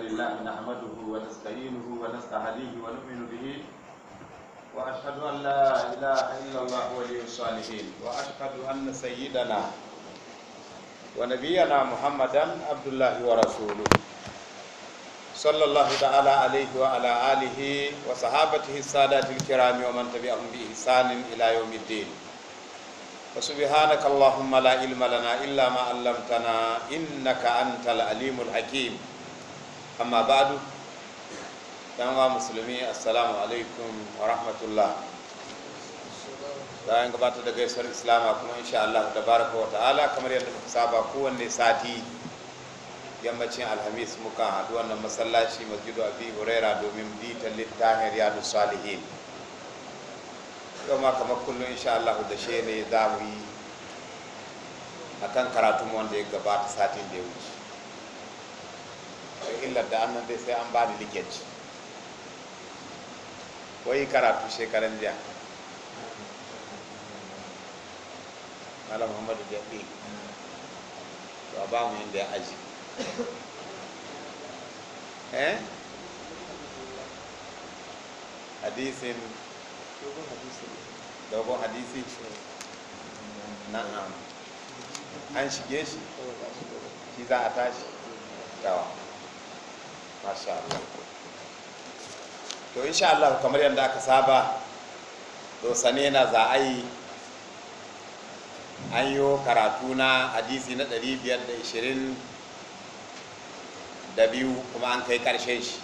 لله نحمده ونستعينه ونستهديه ونؤمن به واشهد ان لا اله الا الله ولي الصالحين واشهد ان سيدنا ونبينا محمدا عبد الله ورسوله صلى الله تعالى عليه وعلى اله وصحابته السادات الكرام ومن تبعهم باحسان الى يوم الدين وسبحانك اللهم لا علم لنا الا ما علمتنا انك انت العليم الحكيم amma ba'du dan wa musulmi assalamu alaikum wa rahmatullah bayan gabatar da gaisuwar islama kuma insha Allah baraka wa ta'ala kamar yadda muka saba kowanne sati yammacin alhamis muka haɗu wannan masallaci masjidu abi huraira domin ta littafin riyadu salihin yau ma kamar kullum insha Allah da shi ne za mu yi akan karatun wanda ya gabata satin da ya wuce to illar da annan dai sai an ba da likeci wai karatu shekaran jiya malam muhammadu jabi to ba mu yadda ya aji eh hadisin dogon hadisi na'am an shige shi shi za a tashi dawa mm. masha Allah to insha Allah kamar yadda aka saba sane na za a yi an yi karatu na hadisi na 522 da biyu kuma an kai karshen shi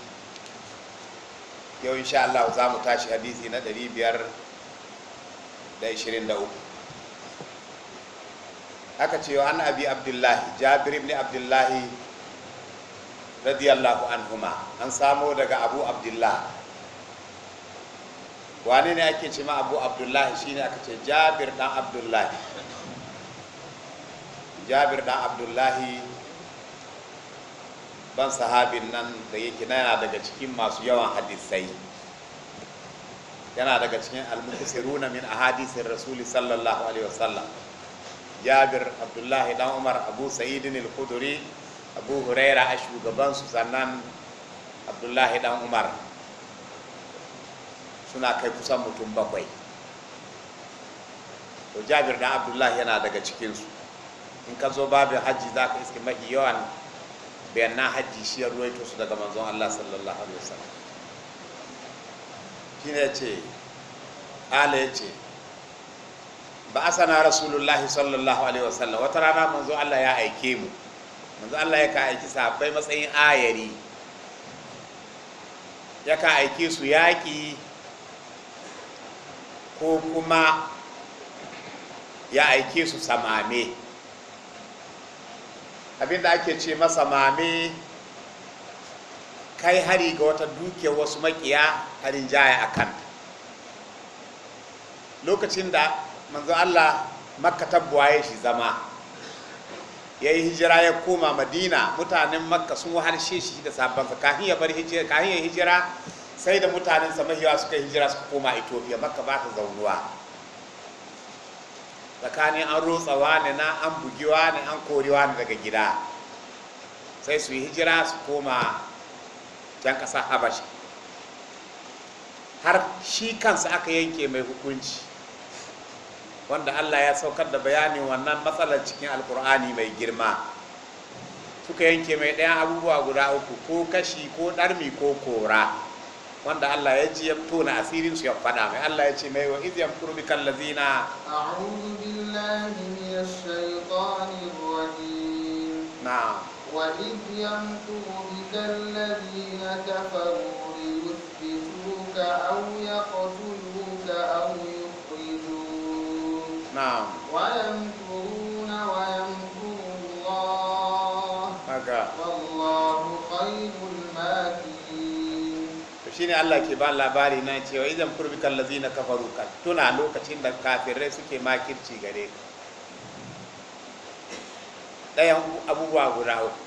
yau insha Allah za mu tashi hadisi na 523 haka cewa an abi abdullahi jabir ibn abdullahi radiyallahu anhuma an samo daga abu abdullah wane ne ake cima abu abdullahi shine aka ce jabir dan abdullahi jabir dan abdullahi ban sahabin nan da yake na yana daga cikin masu yawan hadisai yana daga cikin almukisiruna min ahadisin rasuli sallallahu alaihi wasallam jabir abdullahi dan umar abu sa'idin al abu huraira a shugabansu sannan abdullahi dan umar suna kai kusan mutum bakwai to jabir da abdullahi yana daga cikinsu in ka zo babin hajji za ka iske mafi yawan na hajji shi ya ruwaito su daga manzon allah sallallahu alaihi wasallam shi ne ce ala ya ce ba sana rasulullahi sallallahu alaihi wasallam wata rana manzon allah ya aike mu manzo Allah ya aiki sahabbai matsayin ayari ya ka aiki su yaƙi ko kuma ya aike su samame abinda ake ce masa mame kai hari ga wata dukiya wasu makiya harin jaya a kan lokacin da manzo Allah makka ya shi zama ya yi hijira ya koma madina mutanen makka sun wahalshe shi da sabon kahin ya bar hijira kahin ya hijira sai da mutanen samahiya suka hijira suka koma ethiopia makka ba ta zaunuwa tsakanin an rotsawa ne na an bugiwa ne an korewa ne daga gida sai su yi hijira su koma can kasa habashi har shi kansa aka yanke mai hukunci wanda Allah ya saukar da bayanin wannan matsalar cikin alkur'ani mai girma suka yanke mai ɗayan abubuwa guda uku ko kashi ko ɗarmi ko kora wanda Allah ya ji ya tona asirin su ya faɗa mai Allah ya ce mai wa iz yamkuru bikal ladina a'udhu billahi minash shaitanir rajim na'am wa iz yamkuru bikal ladina kafaru liyuthbituka aw yaqtuluka aw na'am wa yamkuruna wa yamkuru Allah haka wallahu makirin to shine Allah ke ba labari na cewa idan furbikal ladzina kafaru ka tuna lokacin da kafirai suke makirci gare ka ɗayan abubuwa guda uku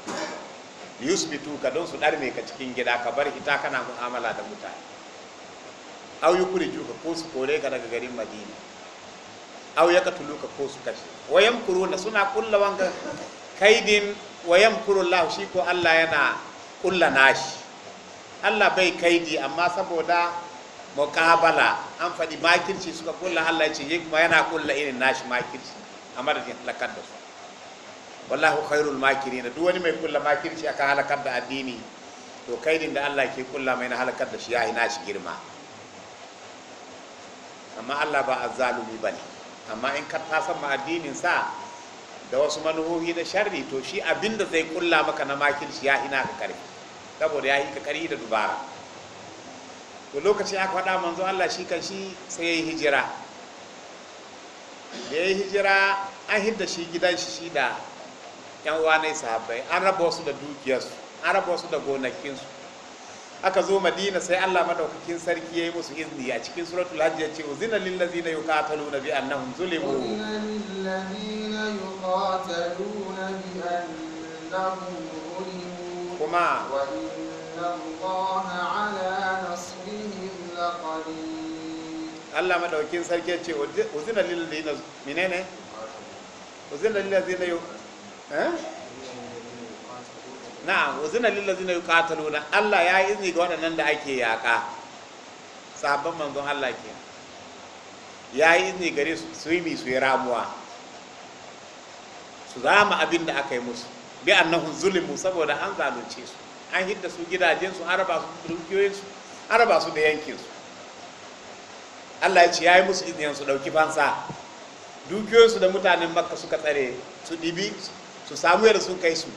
yusbitu ka don su ɗarme ka cikin gida ka bar ita kana mu'amala da mutane au yi kuri ko su kore ka daga garin madina aw ka ko su wayan wa yamkuruna suna kulla wanga kaidin wa yamkuru Allah shi ko Allah yana kulla nashi Allah bai kaidi amma saboda muqabala an faɗi makirci suka kulla Allah ya ce kuma yana kulla irin nashi makirci a da halakar da su wallahu khairul makirin duk wani mai kulla makirci aka halakar da addini to kaidin da Allah ke kulla mai na halakar da shi ya yi nashi girma amma Allah ba azzalumi bane amma in ka tasan ma addinin sa da wasu manuhohi na sharri to shi abin da zai kulla maka na shi ya hina ka karfi saboda ya yi ka da dubara to lokacin aka faɗa manzo Allah shi kan shi sai ya yi hijira da ya yi hijira an hidda shi gidan shi shi da yan uwa ne sahabbai an raba wasu da dukiyarsu an raba wasu da gonakinsu aka zo madina sai allah madaukakin sarki ya yi musu izini a cikin suratul hajji ya ce uzina lillazina yuqataluna bi annahum zulimu uzina lillazina yuqataluna bi annahum zulimu kuma wa inna allaha ala nasrihim laqadir allah madaukakin sarki ya ce uzina lillazina menene uzina lillazina yuqataluna eh? na'am uzina lil ladzina yuqataluna Allah ya yi izini ga waɗannan da ake yaƙa sabon manzon Allah ke ya yi izini gare su su yi su yi ramuwa su rama abin da aka yi musu bi annahum zulimu saboda an zalunce su an hidda su gidajen su araba su dukiyoyin su araba su da yankin su Allah ya ce ya yi musu izinin su dauki fansa dukiyoyinsu da mutanen makka suka tsare su ɗibi su samu yadda sun kai su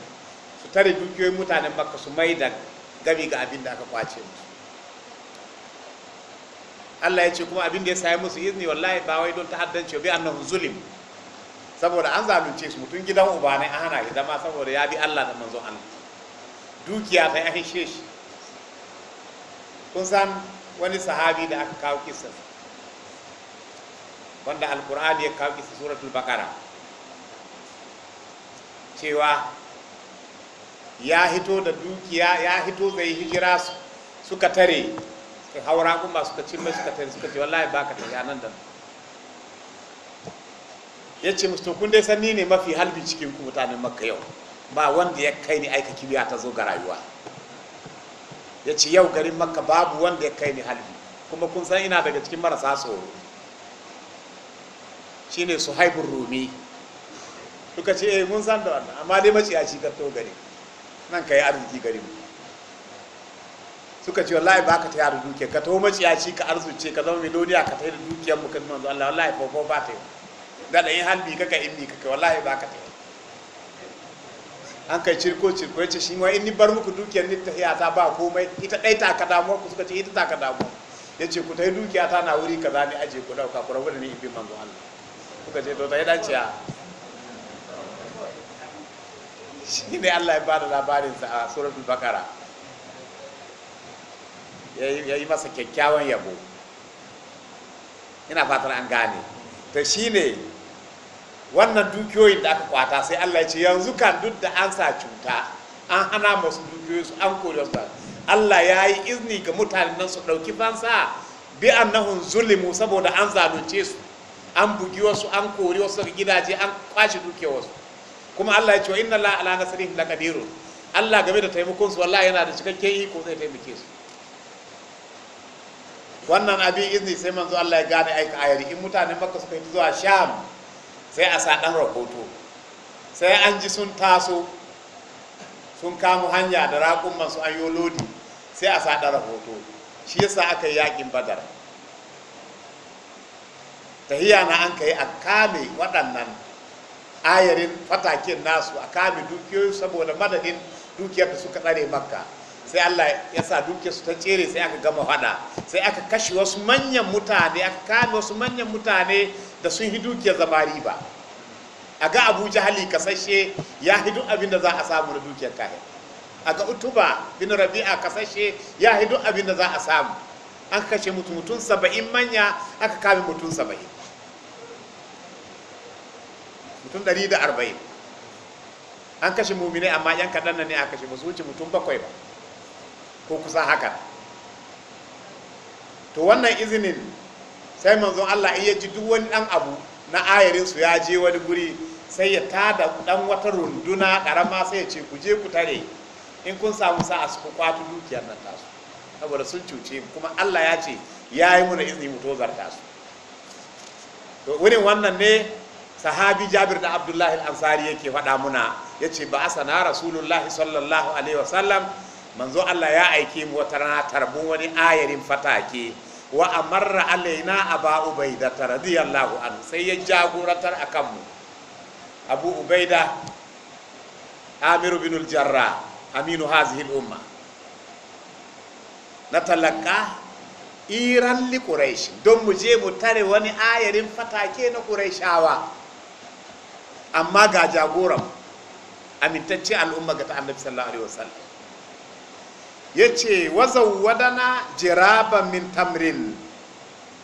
tare dukiyoyin mutanen makka su mai da gami ga abin da aka kwace musu Allah ya ce kuma abin da ya sayi musu izini wallahi ba wai don ta'addance bi annahu zulim saboda an zalunce su mutum gidan uba ne a hana ya zama saboda ya bi Allah da manzon Allah dukiya ta an shi kun san wani sahabi da aka kawo kisa wanda alkur'ani ya kawo kisa suratul bakara cewa ya hito da dukiya ya hito zai hijira suka tare haura kuma suka mai suka tare suka ce wallahi baka tare nan da ya ce musu kun dai sanni ne mafi halbi cikin ku mutanen makka yau ba wanda ya kai ni aika kibiya ta zo ga rayuwa ya ce yau garin makka babu wanda ya kai ni halbi kuma kun san ina daga cikin marasa tsoro shine suhaibun rumi suka ce eh mun san da wannan amma dai maciyaci ka to gari nan ka yi arziki gari mu suka ce wallahi ba ka tayar dukiya ka taho shi ka arzuce ka zama miloniya ka tayar dukiyar mu kan manzo Allah wallahi fofo ba ta yi da da in halbi kaka in ka kaka wallahi ba ka tayar an kai cirko cirko ce shi ma in ni bar muku dukiyar ni tahiya ta ba komai ita dai ta ka damu ku suka ce ita ta ka damu yace ku tayi dukiya ta na wuri kaza ne aje ku dauka ku rabu da ni ibin manzo Allah suka ce to yi dan ciya shi ne allah ya ba da labarinsa a suratul bakara ya yi masa kyakkyawan yabo ina fatar an gane ta shi ne wannan dukiyoyin da aka kwata sai allah ya ce yanzu kan duk da an sa cuta an hana masu dukiyoyi su an koyo su allah ya yi izini ga mutanen nan su ɗauki fansa bi annahun zulimu saboda an zalunce su an bugi wasu an kori wasu daga gidaje an kwashe duke wasu kuma Allah ya ce inna la ala la laqadirun Allah game da taimakon su wallahi yana da cikakken iko zai taimake su wannan abin izini sai manzo Allah ya gane aika ayari in mutanen Makka suka yi zuwa Sham sai a sa rahoto sai an ji sun taso sun kamu hanya da raƙun masu an lodi sai a sa dan rahoto shi yasa aka yi yakin Badar tahiya na an kai a kame waɗannan ayarin fatakin nasu a kame dukiyoyi saboda madadin dukiyar da suka tsare makka sai allah ya sa dukiyarsu ta tsere sai aka gama hada sai aka kashe wasu manyan mutane aka kame wasu manyan mutane da sun yi dukiyar zama riba a ga abu jahali kasashe ya hidu abin da za a samu na dukiyar kahe a ga utuba bin rabi'a kasashe ya hidu abin da za a samu an kashe mutum mutum saba'in manya aka kame mutum saba'in mutum da arba'in an kashe muminai amma yan kaɗan nan ne a kashe musu wuce mutum bakwai ba ko kusa haka to wannan izinin sai manzon Allah in ya ji duk wani ɗan abu na su ya je wani guri sai ya tada ɗan wata runduna ƙarama sai ya ce ku je ku tare in kun samu a su kwatu dukiyar nan tasu saboda sun cuce kuma Allah ya ce ya yi muna izini mu tozarta su to wurin wannan ne sahabi jabir da abdullahi al-ansari yake faɗa muna ya ce ba asana rasulullahi sallallahu alaihi wasallam manzo allah ya aike mu wata rana tarbu wani ayarin fatake wa amarra alaina aba ubaida radiyallahu anhu sai ya jagorantar a kanmu abu ubaida amiru bin jarra aminu hazihil umma na talaka iran li don mu je mu tare wani ayarin fatake na ƙuraishawa amma ga jagoran amintacce al'umma ga ta annabi sallallahu alaihi wasallam yace wadana jiraban min tamrin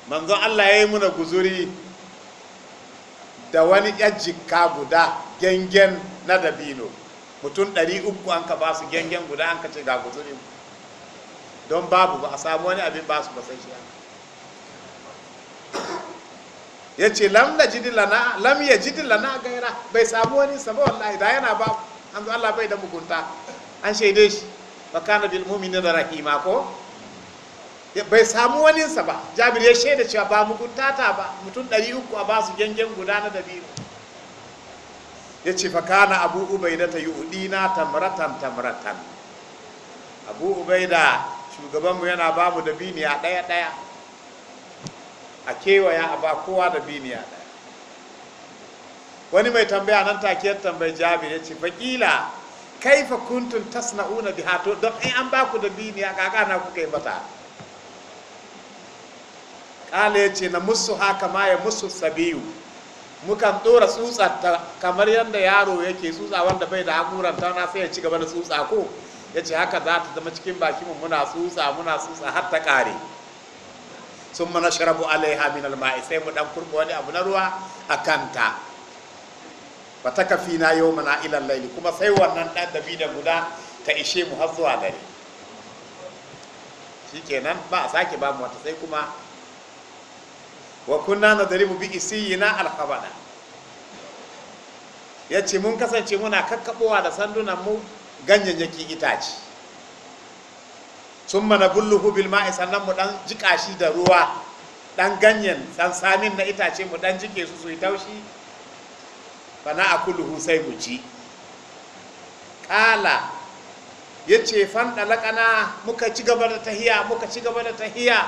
manzo Allah yayi muna guzuri da wani yajjika guda gengen na dabino mutum 300 an ka ba su gengen guda an ka ce ga guzuri don babu ba a samu wani abin ba su ba sai shi ya ce lam na jidi lana lam ya jidi lana gaira bai samu wani sama wallahi da yana ba an zo Allah bai da mugunta an shaide shi wa kana bil mu'minin rahima ko bai samu wani sa ba jabir ya shaida cewa ba mugunta ta ba mutum 300 a ba su gengen guda na da biyu ya ce fa kana abu ubaida ta yi na tamratan tamratan abu ubaida shugabanmu yana ba mu a daya daya. a kewaya a ba kowa da biniya ɗaya wani mai tambaya nan take tambayi jabir ya ce faƙila fa kuntun tasna'una bi hato don in an baku da biniya kaka na kuka yi mata kala ya ce na musu haka ma ya musu sabiyu mukan ɗora tsutsa kamar yadda yaro yake tsutsa wanda bai da hakuran na sai ya ci gaba da tsutsa ko ya ce haka za ta zama cikin baki muna tsutsa muna tsutsa har ta ƙare sun mana sharabu alaiha min alma'i sai mu dan kurbo wani abu na ruwa a kanta ba ta kafi na yau mana ilan laili kuma sai wannan dan dabi da guda ta ishe mu har zuwa dare shikenan ba a sake ba mu wata sai kuma wa kunna nadribu bi isiyina ya yace mun kasance muna kakkabowa da sandunan mu ganyayyaki itace summa bulluhu bil ma'i sannan mu dan jika shi da ruwa dan ganyen dan samin na itace mu dan jike su su yi taushi fa na akuluhu sai mu ci kala yace fan dalakana muka ci gaba da tahiya muka ci gaba da tahiya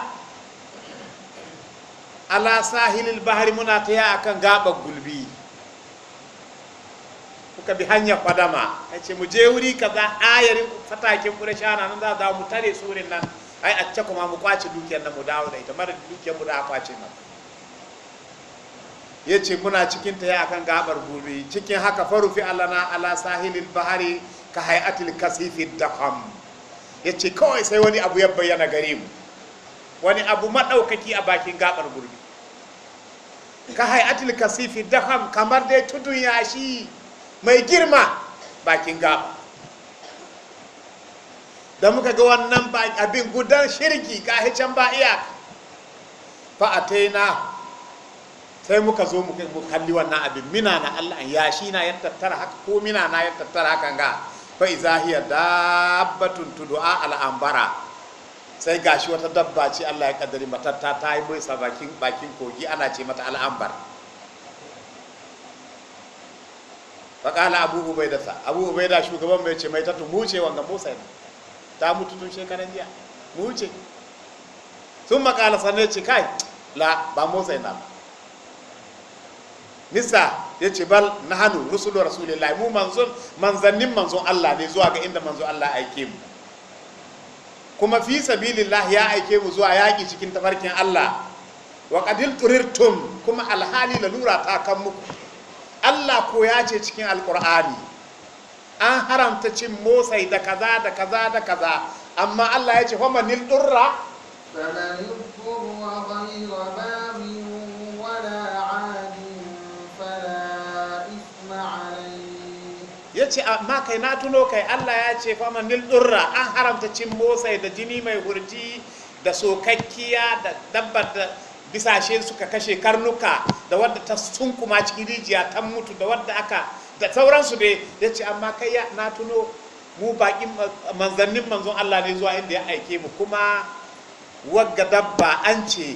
ala sahilil bahri muna tahiya akan gaɓar gulbi kuka bi hanyar fadama ya ce mu je wuri a yari fatakin kure na nan za za mu tare tsurin nan ai a ce kuma mu kwace dukiyar nan mu dawo da ita mara dukiyar mu da a kwace nan ya ce kuna cikin ta ya kan gabar gobe cikin haka farufi alana ala sahilin bahari ka hayatil kasifi dakham ya ce kawai sai wani abu ya bayyana gare mu wani abu maɗaukaki a bakin gabar gurbi ka hayatil kasifi dakham kamar dai tudun yashi mai girma bakin gaba da muka ga wannan abin gudan shirki kahicen ba iyaka fa'ataina sai muka zo muka kalli wannan abin mina na Allah ya shi na ya tattara haka ko mina na ya tattara haka ga fa izahiya dabbatun tudu'a al'ambara sai gashi wata dabba ce Allah ya kaddari matatta ta yi bai bakin bakin kogi ana ce mata al'ambara faƙala abu ubai da sa abu ubai da shugaban bai ce mai tattu muce wanga musa yana ta mutu tun shekaran jiya muce sun makala sannan ce kai la ba musa yana ba nisa ya ce bal na hannu rusulu rasulillahi mu manzon manzannin manzon Allah ne zuwa ga inda manzon Allah aike mu kuma fi sabilillah ya aike mu zuwa yaƙi cikin tafarkin Allah wa ƙadil turirtum kuma alhali lalura ta kan muku Allah ko ya ce cikin alkur'ani an haramta cin motsai da kaza da kaza da kaza amma Allah ya ce kuma nil ya ce amma kai na tuno kai Allah ya ce kuma nilɗurra an haramta cin motsai da jini mai hurji da sokakkiya da dabbar da bisashe suka kashe karnuka da wadda ta kuma cikin rijiya ta mutu da wadda aka da sauransu ne ya ce amma kai ya na tuno mu baƙin manzannin manzon Allah ne zuwa inda ya aike mu kuma wagga dabba an ce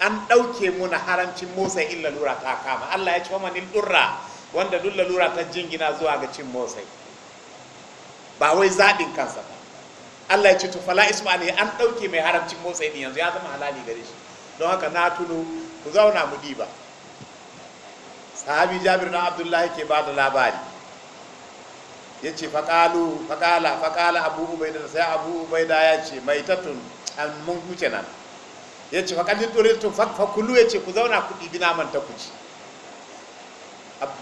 an ɗauke mu na haramcin motsa in lalura ta kama Allah ya ce wa manil durra wanda duk lalura ta jingina zuwa ga cin motsa ba wai zaɓin kansa ba Allah ya ce tufala fala isma ne an ɗauke mai haramcin motsa yanzu ya zama halali gare shi don haka na tuno ku zauna mu diba sahabi jabir na abdullahi ke ba da labari ya ce faƙalu faƙala faƙala abu ubaida sai abu ubaida ya ce mai tattun an mun huce nan ya ce faƙatin tun fakulu ya ce ku zauna ku ɗibi naman ta kuci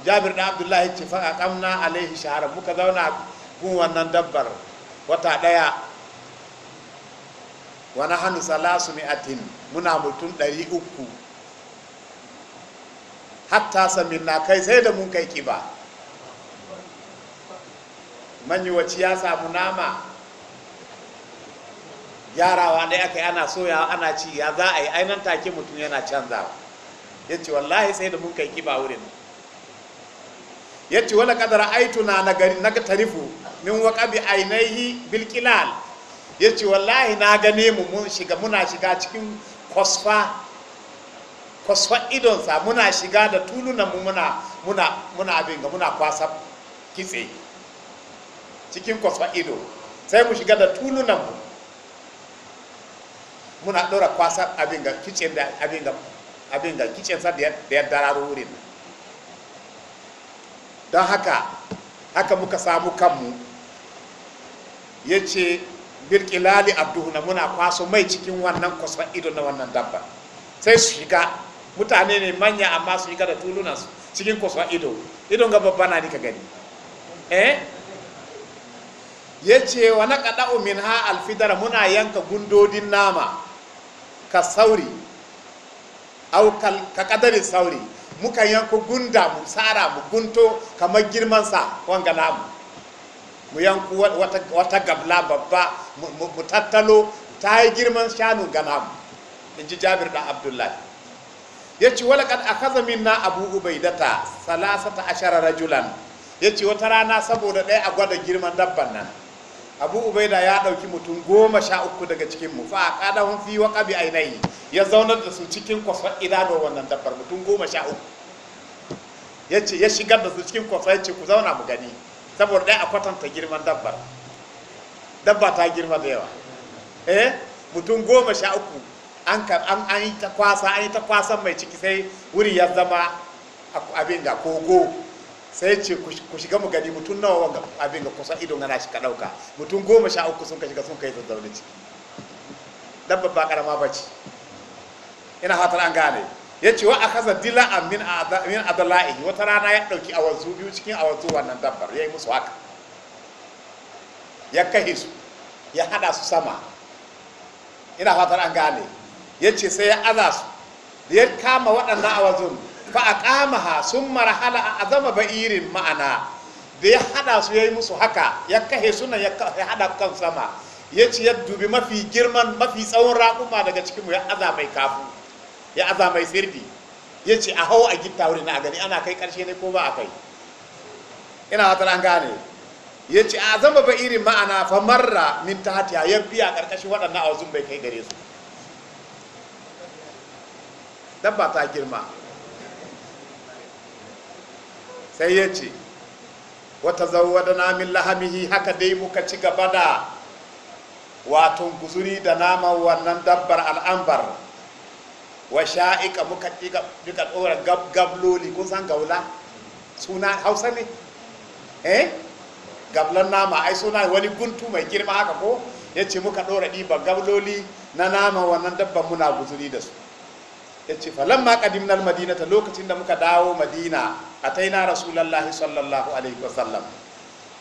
jabir na abdullahi ce faƙaƙamna alaihi shahara muka zauna gun wannan dabbar wata ɗaya wa nahnu salasu mi'atin muna mutum ɗari uku hatta na kai sai da mun kai kiba wacce ya samu nama Yarawa ɗaya aka ana soya, ana ci ya za a yi ainihin take mutum yana canza. ya ce wallahi sai da mun kai kiba wurin ya ce wani kadara aituna na tarifu min waƙabi ainihi bilkilal ya ce wallahi na gane mu mun shiga muna shiga cikin kwasfa kwasfa idonsa muna shiga da tulunan mu muna muna muna abin ga muna kwasa kitse cikin kwasfa ido sai mu shiga da tulunan mu muna dora kwasa abin ga kicin da abin ga abin ga kitchen sa da ya dararo wurin don haka haka muka samu kanmu ya ce birkilali abduhuna muna kwaso mai cikin wannan kusan ido na wannan dabba sai su shiga mutane ne manya amma su shiga da tuluna su cikin kusan ido idon ga babba na nika gani eh ya ce wa na kaɗa'u umin ha alfidara muna yanka gundodin nama ka sauri au ka kadari sauri muka yanko gunda mu tsara mu gunto kamar girman sa wanga namu mu yanku wata gabla babba mu tattalo ta yi girman shanu gana mu in ji jabir da abdullahi ya ce wala kan akaza minna abu ubaidata salasata ashara rajulan ya ce wata rana saboda ɗaya a gwada girman dabban nan abu ubaida ya ɗauki mutum goma sha uku daga cikin mu fa a kada fi wa ƙabi ainihi ya zaunar da su cikin kwasar idanun wannan dabbar mutum goma sha uku ya ce ya shigar da su cikin kwasar ya ce ku zauna mu gani saboda dai a kwatanta girman dabbar dabba ta girma da yawa eh mutum goma sha uku an an yi ta kwasa an yi ta kwasan mai ciki sai wuri ya zama abin da kogo sai ce ku shiga mu gani mutum nawa wanga abin ga kusa ido na shi ka dauka mutum goma sha uku sun ka shiga sun kai zazzaune ciki dabba ba karama ba ce ina fatar an gane ya ce wa a akaza dila a min adala'i wata rana ya ɗauki wanzu biyu cikin awanzu wannan dabbar ya yi musu haka ya kahi su ya hada su sama ina fatar an gane ya ce sai ya aza su da ya kama waɗannan wanzu fa a kama ha sun marahala a azama irin ma'ana da ya hada su ya yi musu haka ya kahe nan ya hada kan sama ya ce ya dubi mafi girman mafi tsawon raƙuma daga cikinmu ya aza mai kafu ya aza mai sirdi ya ce a hau a gitta wurin a gani ana kai karshe ne ko ba a kai ina wata an gane ya ce a zama ba irin ma'ana fa marra min ta hatiya ya biya karkashin waɗannan auzun bai kai gare su ba ta girma sai ya ce wata zau na min lahamihi haka dai muka ci gaba da wato guzuri da naman wannan dabbar al'ambar wa sha'ika muka duka ɗora gabloli kun san gaula suna hausa ne eh gablan nama ai suna wani guntu mai girma haka ko ya ce muka ɗora ɗiba gabloli na nama wannan dabban muna guzuri da su ya ce ma falamma na madina ta lokacin da muka dawo madina a ta taina rasulallah sallallahu alaihi wasallam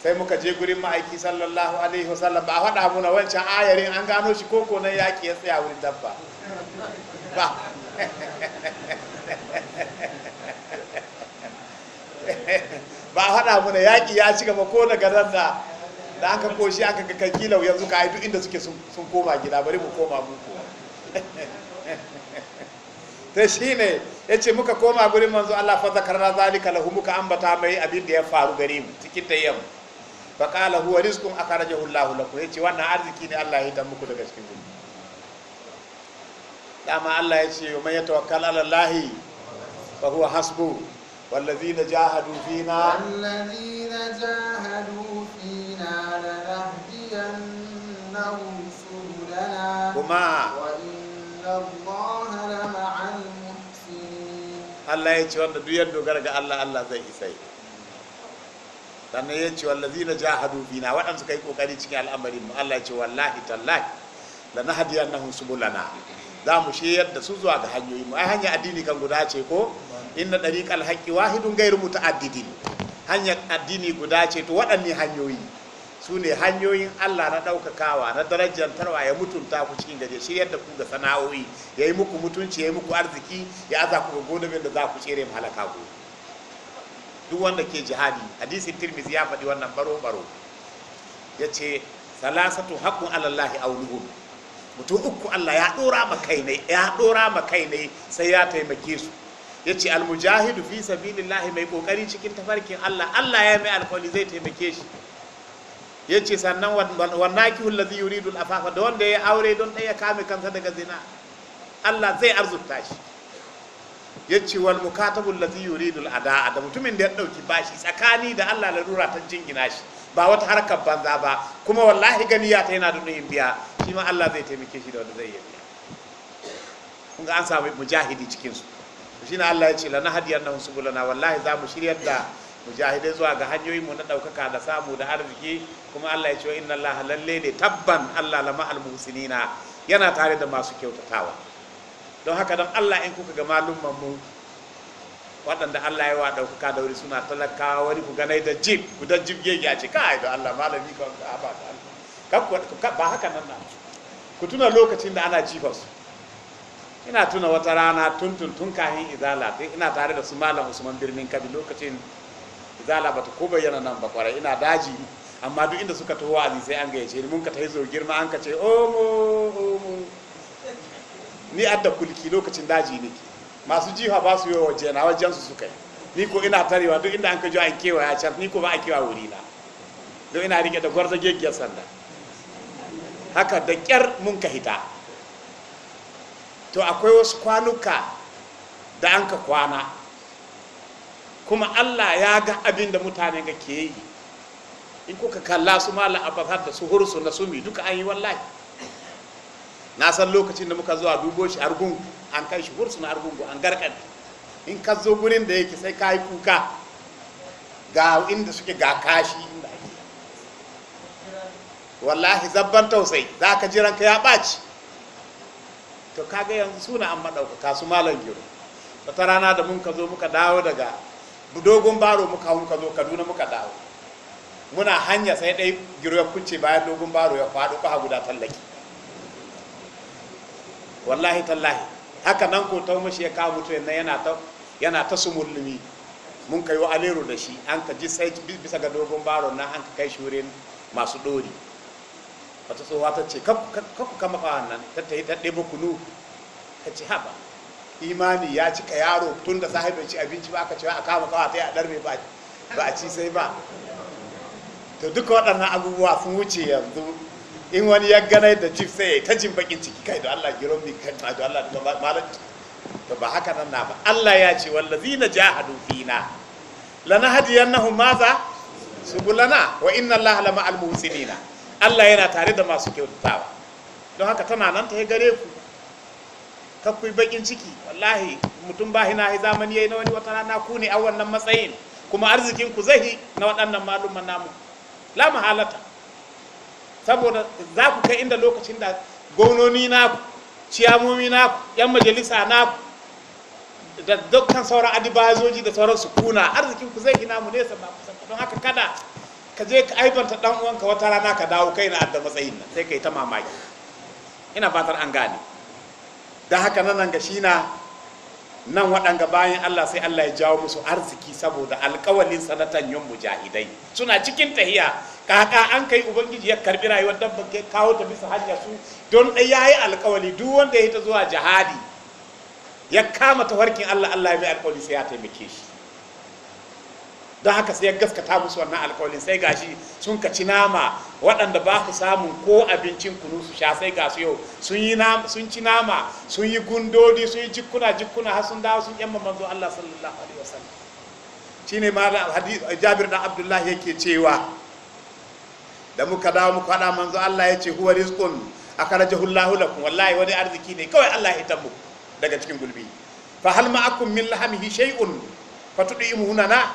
sai muka je gurin ma'aiki sallallahu alaihi wasallam ba a faɗa muna wancan ayarin an gano shi koko na yaƙi ya tsaya wurin dabba ba ba a haɗa mana yaƙi ya ci gaba ko daga nan da da aka koshi aka ga kakila yanzu ka duk inda suke sun koma gida bari mu koma mu ko ta shi ne ya ce muka koma gurin manzo Allah fa zakarna zalika lahu muka ambata mai abin da ya faru gare mu cikin tayyam fa qala huwa rizqun akhrajahu Allah lakum yace wannan arziki ne Allah ya yi muku daga cikin guri. dama Allah ya ce mai ya tawakkal ala Allah fa huwa hasbu wallazina jahadu fina wallazina jahadu fina la nahdiyannahum subulana kuma wa inna Allah la ma'al muhsinin Allah ya ce wanda duk yanda dogara ga Allah Allah zai isai sannan ya ce wallazina jahadu fina waɗansu kai kokari cikin al'amarin mu Allah ya ce wallahi tallahi la nahdiyannahum subulana za mu shiyar da su zuwa ga hanyoyi mu ai hanya addini kan guda ce ko inna dariqal haqqi wahidun ghairu muta'addidin hanya addini guda ce to waɗanne hanyoyi su ne hanyoyin Allah na ɗaukakawa na darajar tarwa ya mutunta ku cikin gari shirya da ku ga sana'o'i ya yi muku mutunci ya yi muku arziki ya aza ku ga gonamin da za ku tsere mu halaka ku duk wanda ke jihadi hadisin tirmizi ya faɗi wannan baro baro ya ce salasatu haqqun alallahi awluhum mutum uku Allah ya dora ma kai ne ya dora ma ne sai ya taimake su yace almujahidu fi sabilillahi mai kokari cikin tafarkin Allah Allah ya mai alkoli zai taimake shi yace sannan wannaki allazi yuridu afafa da wanda ya aure don ya kame kansa daga zina Allah zai arzuta shi yace wal mukatabu allazi yuridu al'ada'a da mutumin da ya dauki bashi tsakani da Allah larura ta jingina shi ba wata harkar banza ba kuma wallahi gani ya ta yana da nuyin biya shi ma Allah zai taimake shi da wanda zai yi biya kun ga an samu mujahidi cikin su shi ne Allah ya ce lana hadiyar su bulana wallahi za mu shiryar da mujahidai zuwa ga hanyoyin mu na daukaka da samu da arziki kuma Allah ya ce inna Allah lalle ne tabban Allah lama almuhsinina yana tare da masu kyautatawa don haka dan Allah in kuka ga malumman mu waɗanda Allah ya wa ɗaukaka da wuri suna talakawa wani ku ganai da jib ku da jib yake a ce kai da Allah malami ka ba da Allah ba haka nan na ku tuna lokacin da ana jifa su ina tuna wata rana tun tun tun kahin izala ina tare da su malam Usman birnin Kabi lokacin izala ta ko bayyana nan ba kwarai ina daji amma duk inda suka taho wa'azi sai an gayyace ni mun ka yi zo girma an ka ce omo omo ni adda kulki lokacin daji nake masu jiha ba su yi waje na wajen su suka yi ni ko ina tarewa duk inda an ka jiwa in kewaya can ni ko ba a kewa wuri na don ina rike da gwarza gegiyar sanda haka da kyar mun ka hita to akwai wasu kwanuka da an ka kwana kuma allah ya ga abin da mutane ga ke yi in kuka kalla su mala abazar da su hursu na sumi duka an yi wallahi na san lokacin da muka zuwa dubo shi argungu an kai shi bursuna argungu an garkar in ka zo gurin da yake sai ka yi kuka ga inda suke ga kashi inda ake wallahi zabban tausayi za ka jiran ka ya ɓaci to kaga yanzu suna an maɗauka kasu malam giro wata rana da mun ka zo muka dawo daga dogon baro muka hun ka zo kaduna muka dawo muna hanya sai ɗai giro ya kunce bayan dogon baro ya faɗo ƙaha guda tallaki wallahi tallahi haka nan ko ta mashi ya kawo mutu yana ta yana sumulmi mun kai wa alero da shi an ka ji sai bisa ga dogon baro na an ka kai shi masu dori wata tsohuwa ta ce kakku kama fa nan ta ta yi ta ɗebo kunu ka ce haba imani ya cika yaro tun da sahibin ci abinci ba aka ce a kama kawa ta yi a ɗarbe ba a ci sai ba to duka waɗannan abubuwa sun wuce yanzu in wani ya gana da chief sai ya ta jin bakin ciki kai da Allah giron mi kai da Allah da malam to ba haka nan na ba Allah ya ce wallazina jahadu fina lanahdiyannahum maza subulana wa inna Allah la al muhsinina Allah yana tare da masu kyautatawa don haka tana nan ta gare ku Ka ku bakin ciki wallahi mutum ba hina hi zamani yayi na wani wata rana ku ne a wannan matsayin kuma arzikin ku zai na waɗannan malumman namu la mahalata saboda za ku kai inda lokacin da gwamnoni naku ciyamomi naku yan majalisa naku da dukkan sauran adibazoji da sauran sukuna arzikin ku zai gina mu nesa ba kusan don haka kada ka je ka aibanta dan uwanka wata rana ka dawo kai na adda matsayin nan sai kai ta mamaki ina fatar an gane Da haka nan ga shi na nan waɗanga bayan Allah sai Allah ya jawo musu arziki saboda alƙawalin sanatan yun mujahidai suna cikin tahiya kaka an kai ubangiji ya karbi rayuwar dabba ke kawo ta bisa hanya su don ɗaya ya yi alƙawali duk wanda ya ta zuwa jihadi ya kama tawarkin Allah Allah ya bi alƙawali sai ya taimake shi don haka sai ya gaskata musu wannan alkawalin sai gashi sun kaci nama waɗanda ba su samun ko abincin kunu su sha sai gasu yau sun ci nama sun yi gundodi sun yi jikkuna jikkuna har sun dawo sun yamma manzo Allah sallallahu alaihi wasallam shine ma Jabir dan Abdullah yake cewa da muka dawo muka da manzo Allah ya ce huwa rizqun akarajahu Allahu lakum wallahi wani arziki ne kawai Allah ya tabbu daga cikin gulbi fa hal ma'akum min lahmihi shay'un hunana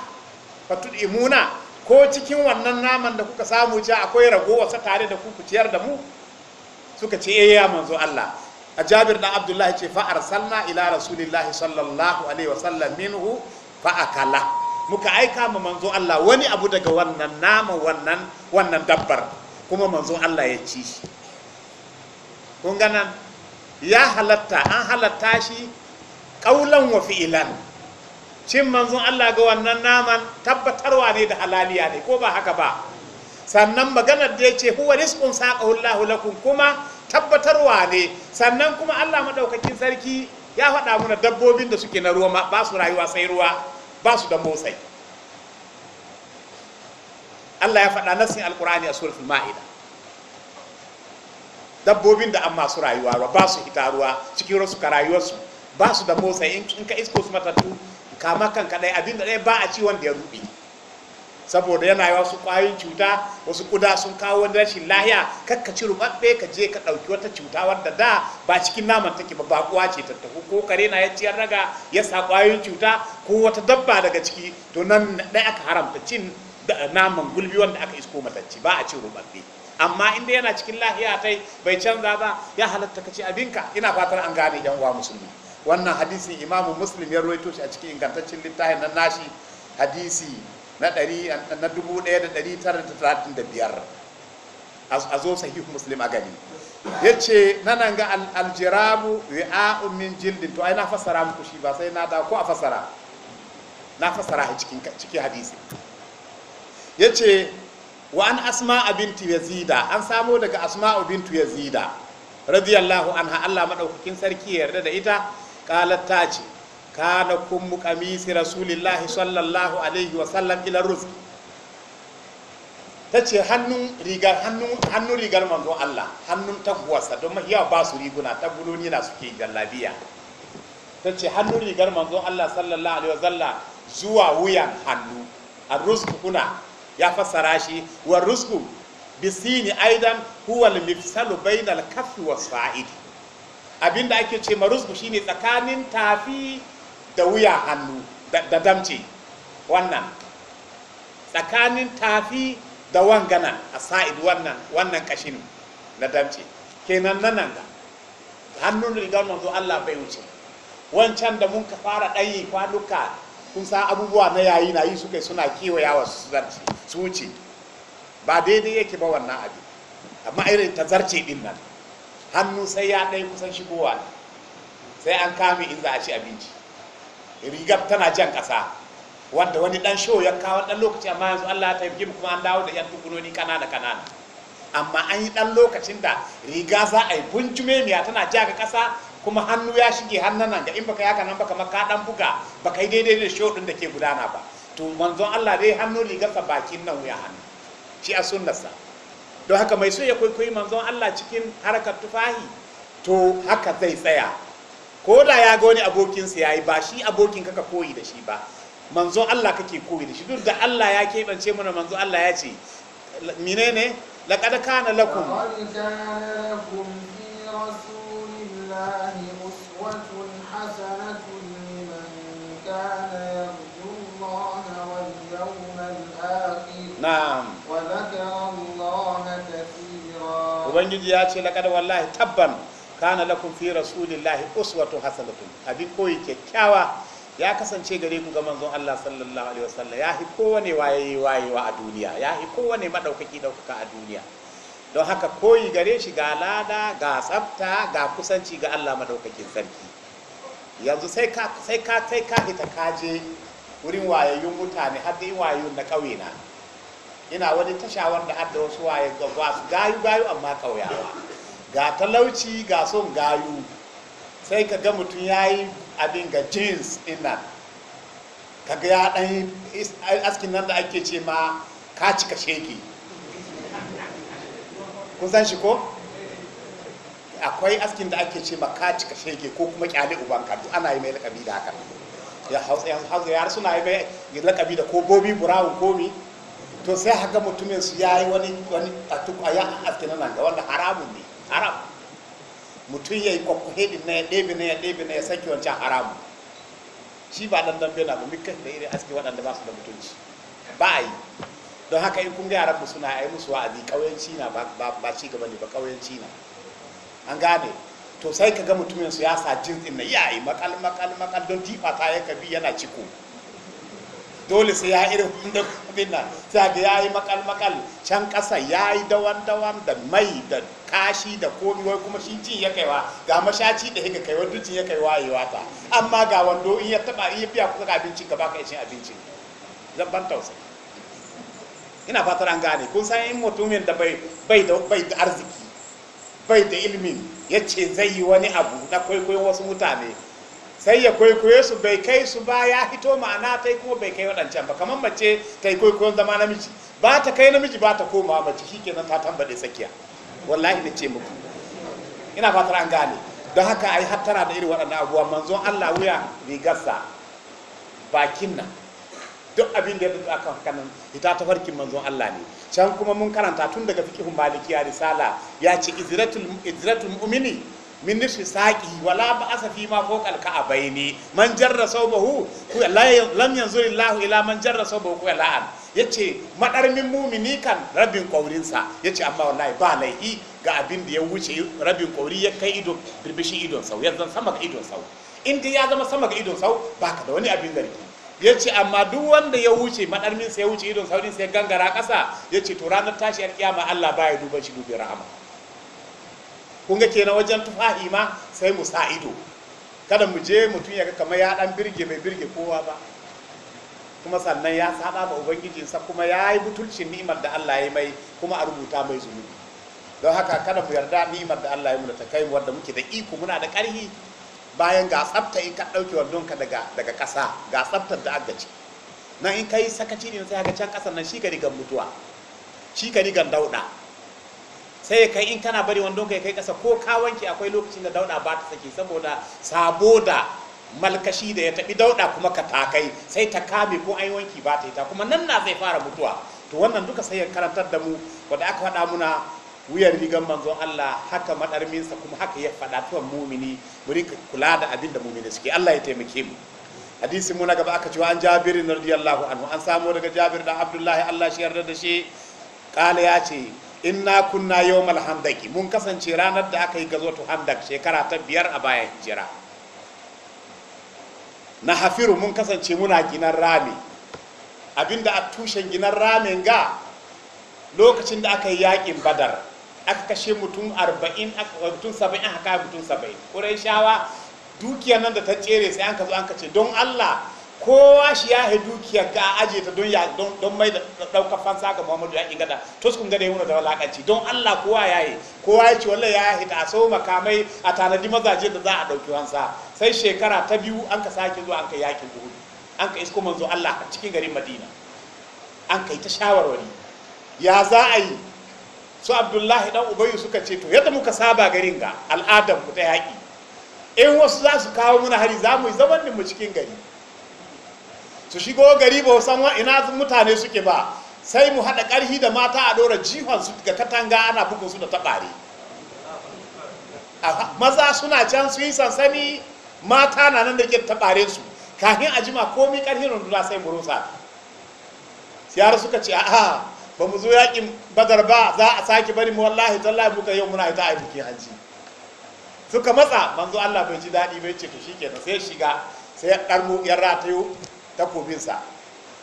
fatud'imuna ko cikin wannan naman da kuka samu ja akwai rago wasa tare da ku ciyar da mu suka ce eh ya manzo Allah a Jabir dan Abdullahi ce fa arsalna ila rasulillahi sallallahu alaihi wasallam minhu fa muka aika ma manzo Allah wani abu daga wannan nama wannan wannan dabbar kuma manzo Allah ya ci shi kun ya halatta an halatta shi ƙaulan wa fi'ilan shin manzon Allah ga wannan naman tabbatarwa ne da halaliya ne ko ba haka ba sannan maganar da ya ce huwa rizqun saqahu Allahu lakum kuma tabbatarwa ne sannan kuma Allah madaukakin sarki ya faɗa mana dabbobin da suke na ruwa ba su rayuwa sai ruwa ba su da motsai Allah ya faɗa nasin alkur'ani a suratul ma'ida dabbobin da an masu rayuwa ba su hita ruwa cikin ruwa ka rayuwarsu ba su da motsai in ka isko su matattu kama kan kadai abinda da dai ba a ci wanda ya rubi saboda yana yawa su ƙwayoyin cuta wasu ƙuda sun kawo wani rashin lahiya kakka ci rubabbe ka je ka ɗauki wata cuta wadda da ba cikin naman take ba kuwa ce ta ko kare na ya ciyar raga ya sa kwayoyin cuta ko wata dabba daga ciki to nan ɗaya aka haramta cin naman gulbi wanda aka isko matacci ba a cin rubabbe amma inda yana cikin lahiya tai bai canza ba ya halatta ka ci abinka ina fatar an gane yan uwa musulmi wannan hadisi imamu muslim ya roito shi a cikin ingantaccen littafin na nashi hadisi na 1935 a zo sahih muslim a gani ya ce nanan ga aljirabu wi'a'un min jildin to ai na fassara muku shi ba sai na da ko a fassara na fassara a cikin hadisi ya ce wa an asma bintu yazida an samo daga asma bintu yazida radiyallahu anha Allah madaukakin sarki ya yarda da ita qalat ta ce kana kummu qamisi rasulillahi sallallahu alaihi wa sallam ila rufq ta ce hannun rigar hannun hannun rigar manzo Allah hannun taguwarsa don mahiya ba su riguna taguloni na suke jallabiya ta ce hannun rigar manzo Allah sallallahu alaihi wa sallam zuwa wuyan hannu arrusku kuna ya fassara shi wa rusku bisini aidan huwa al-mifsalu bainal kaffi was abinda ake ce marusku shine tsakanin tafi da wuya hannu da damce wannan tsakanin tafi da wangana a sa'id wannan kashin na damce kenan nan nan hannun rigar manzo Allah bai wuce wancan da mun ka fara ɗayi kwanuka kun sa abubuwa na yayi na yi suka suna kewayawa su zarce su wuce ba daidai yake ba wannan abin amma irin ta zarce din nan hannu sai ya ɗai kusan shigowa sai an kame in za a ci abinci rigar tana jan ƙasa wanda wani ɗan show ya kawo ɗan lokaci amma yanzu allah ta yi kuma an dawo da yan tukunoni kanana kanana amma an yi ɗan lokacin da riga za a yi bunjume miya tana ja ga ƙasa kuma hannu ya shige nan ga in baka yaka nan baka maka ɗan buga baka yi daidai da show ɗin da ke gudana ba to manzon allah dai hannu rigarsa bakin nan wuya hannu shi a sunnarsa don haka mai so ya kwaikwayi manzon Allah cikin harkar tufahi to haka zai tsaya ko da ya ga wani abokinsa ya yi ba shi abokin ka koyi da shi ba manzon Allah kake koyi da shi duk da Allah ya keɓance mana manzon Allah ya ce menene laqad kana lakum wa وذكر Allah ubangiji ya ce laqad wallahi tabban kana lakum fi rasulillahi uswatu hasanatun abin koyi kyakkyawa ya kasance gare ku ga manzon Allah sallallahu alaihi wasallam ya fi kowane waye wayewa a duniya ya fi kowane madaukaki daukaka a duniya don haka koyi gare shi ga lada ga tsafta ga kusanci ga Allah madaukakin sarki yanzu sai ka sai ka sai ka fita kaje wurin wayayyun mutane har da na ƙauye na ina wani tasha wanda adda wasu waye ga wasu gayu gayu amma kauyawa ga talauci ga son gayu sai ka ga mutum ya yi abin ga jeans ina ka ga ya dan askin nan da ake ce ma ka cika sheki kun san shi ko akwai askin da ake ce ma ka cika sheki ko kuma kyale uban duk ana yi mai lakabi da haka ya hausa ya suna yi mai lakabi da ko bobi brown komi to sai haka mutumin su ya yi wani wani a tuk a yan aske nan ga wanda haramun ne haram mutum ya yi kwakwahe din na ya ɗebe na ya ɗebe na ya sake wancan haramu shi ba dan dambe bena ba mikan da irin aske waɗanda ba su da mutunci ba a yi don haka in kun ga yaran musu na yi musu wa'azi ƙauyenci na ba ci gaba ne ba ƙauyenci na an gane to sai ka ga mutumin su ya sa jinsin na yayi makal makal makal don jifa ta yanka kabi yana ciko dole sai ya irin wanda abin nan sai ga yayi makal makal can kasa yi dawan dawan da mai da kashi da komi wai kuma shi jin ya kaiwa ga mashaci da higa kaiwa duk ya kaiwa yi wata amma ga wando in ya taba in ya biya kuka abinci ka baka ishin abinci zan ban tausayi ina fatar an gane kun san in mutumin da bai da arziki bai da ilimin ce zai yi wani abu na kwaikwayon wasu mutane sai ya kwaikwaye su bai kai su ba ya hito ma'ana ta kuma bai kai waɗancan ba kamar mace ta yi kwaikwayon zama namiji ba ta kai namiji ba ta koma mace shi kenan ta tambaɗe tsakiya wallahi na ce muku ina fatar an gane don haka a yi hattara da irin waɗannan abubuwa manzon allah wuya rigarsa bakin nan duk abin da ya dubu akan kanan ita ta farkin manzon allah ne can kuma mun karanta tun daga fikihun malikiya risala ya ce izratul mu'mini min nisfi saƙi wala ba asa fi ma fokal a bayani man jarra saubahu lam yanzu illahu ila man jarra saubahu kuwa la'an yace min mumini kan rabin Ya yace amma wallahi ba laihi ga abin da ya wuce rabin kauri ya kai ido birbishin idon sau ya zan sama ga idon sau in ya zama sama ga idon sau baka da wani abin zargi yace amma duk wanda ya wuce madarmin sa ya wuce idon sau din sai gangara kasa yace to ranar tashiyar kiyama Allah baya duban shi dubi rahama kun ga kenan wajen tufahi ma sai mu sa ido kada mu je mutum ya ga kamar ya dan birge bai birge kowa ba kuma sannan ya saba ma ubangijinsa kuma ya yi butulcin ni'imar da Allah ya mai kuma a rubuta mai zunubi don haka kada mu yarda ni'imar da Allah ya mu da ta kai mu wanda muke da iko muna da karhi bayan ga tsafta in ka dauke wannan ka daga daga ƙasa ga tsaftar da aka nan in kai sakaci ne sai ka can kasan nan shi ka rigan mutuwa shi ka rigan dauɗa sai kai in kana bari wandon kai kai kasa ko ka wanke akwai lokacin da dauda ba ta sake saboda saboda malkashi da ya tabi dauda kuma ka takai sai ta kame ko ai wanki ba ta ita kuma nan na zai fara mutuwa to wannan duka sai ya karantar da mu wanda aka faɗa muna wuyar rigan manzon Allah haka madarminsa kuma haka ya faɗa tuwan mumini muri kula da abin da mumini suke Allah ya taimake mu hadisi mu na gaba aka cewa an jabir radiyallahu anhu an samu daga jabir da abdullahi Allah shi yarda da shi kala ya ce inna kunna yawmal handaki mun kasance ranar da aka yi gazotu handak shekara ta biyar a bayan hijira na hafiru mun kasance muna ginan rami abinda a tushen ginan ramin ga lokacin da aka yi yakin badar aka kashe mutum 40 aka mutum 70 aka mutum 70 ƙurai shawa dukiyar nan da ta tsere sai an ka zo an ka ce don Allah kowa shi ya he dukiyar ka aje ta don ya don mai da daukar fansa ga Muhammadu ya gada. to su kun ga dai da walakanci don Allah kowa ya yi kowa ya ce wallahi ya hita a so makamai a tanadi mazaje da za a dauki wansa. sai shekara ta biyu an ka sake zuwa an ka yakin duhu an ka isko manzo Allah a cikin garin Madina an kai ta shawarwari ya za a yi su Abdullahi dan Ubayyu suka ce to yadda muka saba garin ga al'adar mu ta yaki in wasu za su kawo muna hari za mu yi zaman mu cikin gari su shigo gari ba san wa ina mutane suke ba sai mu hada karhi da mata a ɗora jihon su ga katanga ana bugun su da taɓare maza suna can su yi sansani mata na nan da ke taɓare su kafin a jima komi ƙarfin runduna sai mu rusa siyar suka ce a'a ba mu zo yaƙin badar ba za a sake bari mu wallahi tallahi muka yau muna ita a bikin hajji suka matsa manzo Allah bai ji daɗi bai ce to shikenan sai shiga sai ya ɗarmu ta ratayo takobinsa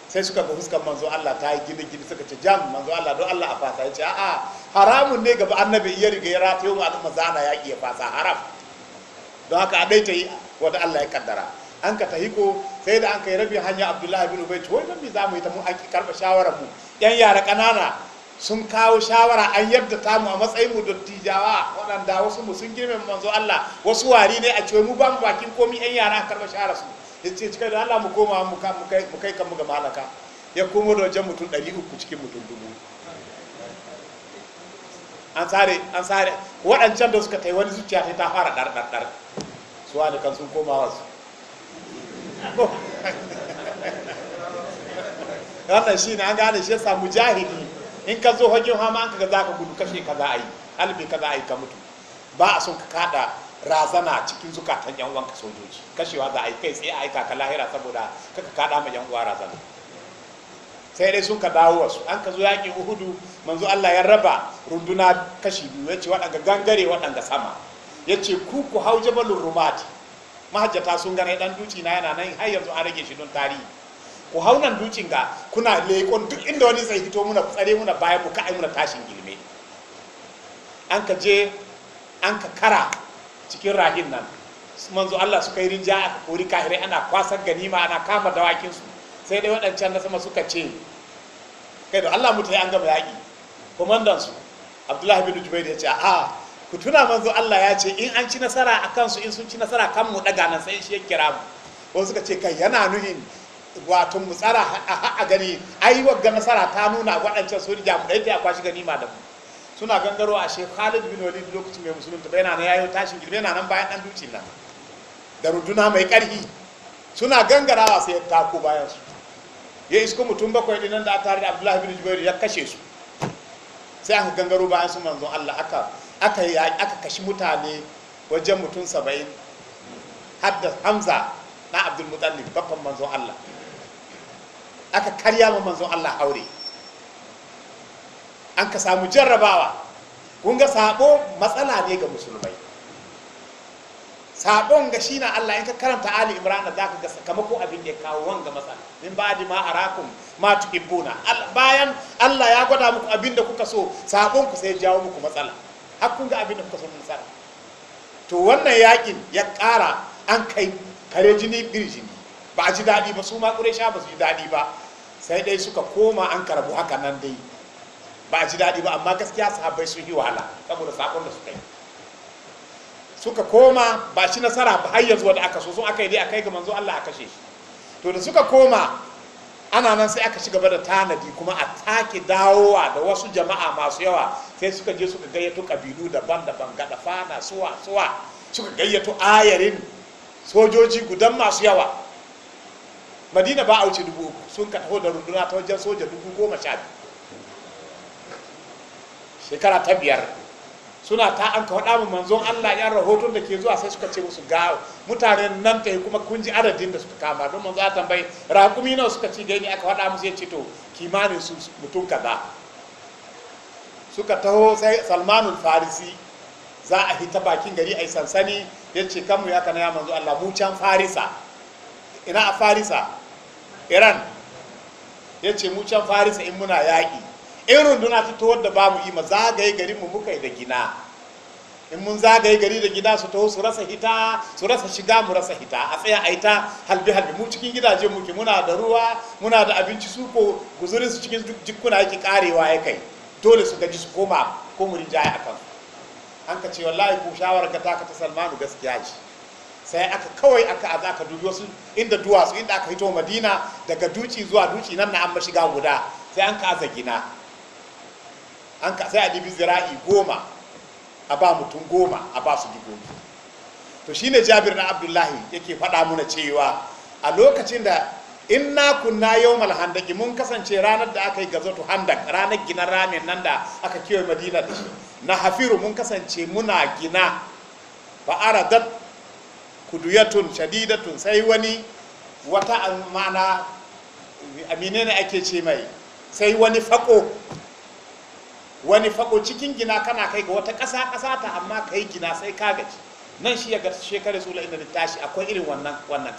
sai suka ga fuskar manzo Allah ta yi gini gini suka ce jam manzo Allah don Allah a fasa ya ce a'a haramun ne gaba annabi iya riga ya rata yau ma'alumma zana ya iya fasa haram don haka a daita yi wanda Allah ya kaddara an ka tahiko sai da an kai rabin hanya abdullahi bin Ubaici wai don me za mu yi ta mu an karɓa shawarar mu yan yara ƙanana sun kawo shawara an yadda ta mu a matsayin mu dattijawa waɗanda wasu mu sun girmama manzo Allah wasu wari ne a cewa mu ba mu bakin komi yan yara an karba shawarar su ya ce cika da Allah mu koma mu kai kanmu ga malaka ya komo da wajen mutum 300 cikin mutum dubu an tsare an tsare waɗancan da suka tai wani zuciya ta ta fara dar dar dar su wani kan sun koma wasu wannan shi ne an gane shi ya samu jahili in ka zo hajjin hama an ka za ka gudu kashe ka za a yi halbe ka za a yi ka mutu ba a son ka kada razana cikin zukatan yan uwanka sojoji kashewa za a yi kai tsaye a aika ka lahira saboda kaka kada ma yan uwa razana sai dai sun ka dawo wasu an ka zo yakin uhudu manzo Allah ya raba runduna kashi biyu ya ce waɗanga gangare waɗanga sama ya ce ku ku hau jabalun rumati mahajjata sun gane dan duci na yana nan har yanzu an rage shi don tarihi ku hau nan ducin ga kuna leƙon duk inda wani zai fito muna tsare muna baya ku ka'ai muna tashin gilme an ka je an ka kara cikin rahin nan manzo Allah suka yi rinja aka kori kahirai ana kwasan ganima ana kama dawakinsu sai dai waɗancan na sama suka ce kai da Allah mutai an gama yaƙi Komandansu Abdullahi bin Jubair ya ce a ku tuna manzo Allah ya ce in an ci nasara a kansu in sun ci nasara kan mu daga nan sai shi ya kira mu wasu suka ce kai yana nuhin wato mu tsara a gani wa ga nasara ta nuna waɗancan sun rija mu ɗaya ta kwashi ganima da mu suna gangaro a shek khalid bin walid lokacin mai musulunta bai na nan yayo tashin girbe na nan bayan dan duci nan da ruduna mai karfi suna gangarawa sai ya tako bayan su ya isko mutum bakwai dinan da tare da abdullahi bin jubair ya kashe su sai aka gangaro bayan su manzon allah aka aka aka kashi mutane wajen mutum saba'in hadda hamza na abdul mutallib baffan manzon allah aka karya ma manzon allah aure an ka samu jarrabawa kun ga sabo matsala ne ga musulmai sabon ga shi na Allah in ka karanta Ali Imran za ka ga sakamako abin da ya kawo wanga matsala min ba'di ma arakum ma tuhibbuna bayan Allah ya gwada muku abin da kuka so sabon ku sai jawo muku matsala har kun ga abin da kuka so matsala to wannan yakin ya kara an kai kare jini birji ba a ji dadi ba su ma ƙuresha ba su ji dadi ba sai dai suka koma an karbu haka nan dai ba a ji daɗi ba amma gaskiya sahabbai sun yi wahala saboda sakon da suka yi suka koma ba shi nasara ba har yanzu wanda aka so sun aka yi dai a kai ga manzo Allah a kashe shi to da suka koma ana nan sai aka ci gaba da tanadi kuma a take dawowa da wasu jama'a masu yawa sai suka je suka gayyato kabilu daban-daban gada fana suwa suwa suka gayyato ayarin sojoji gudan masu yawa madina ba a wuce dubu sun kataho da runduna ta wajen soja dubu goma sha biyu shekara ta biyar suna ta an ka faɗa manzon Allah yan rahoton da ke zuwa sai suka ce musu ga mutane nan ta kuma kun ji adadin da suka kama don manzo ya tambaye raƙumi nawa suka ci gani aka faɗa musu ya ce to kimanin su mutum kaza suka taho sai salmanul farisi za a hita bakin gari a sansani ya kan kanmu ya kana ya manzo Allah mu can farisa ina a farisa iran yace mucan mu can farisa in muna yaƙi in runduna ta towar da ba mu ima zagaye gari mu muka yi da gina in mun zagaye gari da gina su taho su rasa hita su rasa shiga mu rasa hita a tsaya a ita halbe halbe mu cikin gidaje muke muna da ruwa muna da abinci su ko guzurin su cikin jikuna yake karewa ya kai dole su gaji su koma ko mu rinjaye a kan an ka ce wallahi ko shawarar ka taka ta salmanu gaskiya ce sai aka kawai aka a zaka dubi wasu inda duwatsu inda aka hito madina daga duci zuwa duci nan na an shiga guda sai an ka gina an ka sai a dibi zira'i goma a ba mutum goma a ba su digogi to shine jabir na abdullahi yake faɗa muna cewa a lokacin da in na kunna yau malhandaki mun kasance ranar da aka yi gazotu handak ranar gina ramin nan da aka kewaye madina da shi na hafiru mun kasance muna gina ba'ara dat kuduyatun shadidatun sai wani wata ma'ana amine ne ake ce mai sai wani fako wani fako cikin gina kana kai ga wata ƙasa ƙasa ta amma ka yi gina sai ka gaji nan shi ya ga shekarar sula inda da tashi akwai irin wannan wannan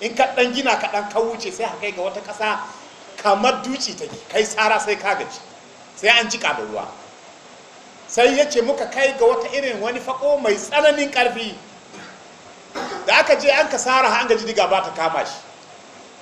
in ka dan gina ka dan ka wuce sai ka kai ga wata ƙasa kamar duci ta kai tsara sai ka gaji sai an jika da ruwa sai ya ce muka kai ga wata irin wani fako mai tsananin ƙarfi da aka je an ka sara an gaji diga ba ta kama shi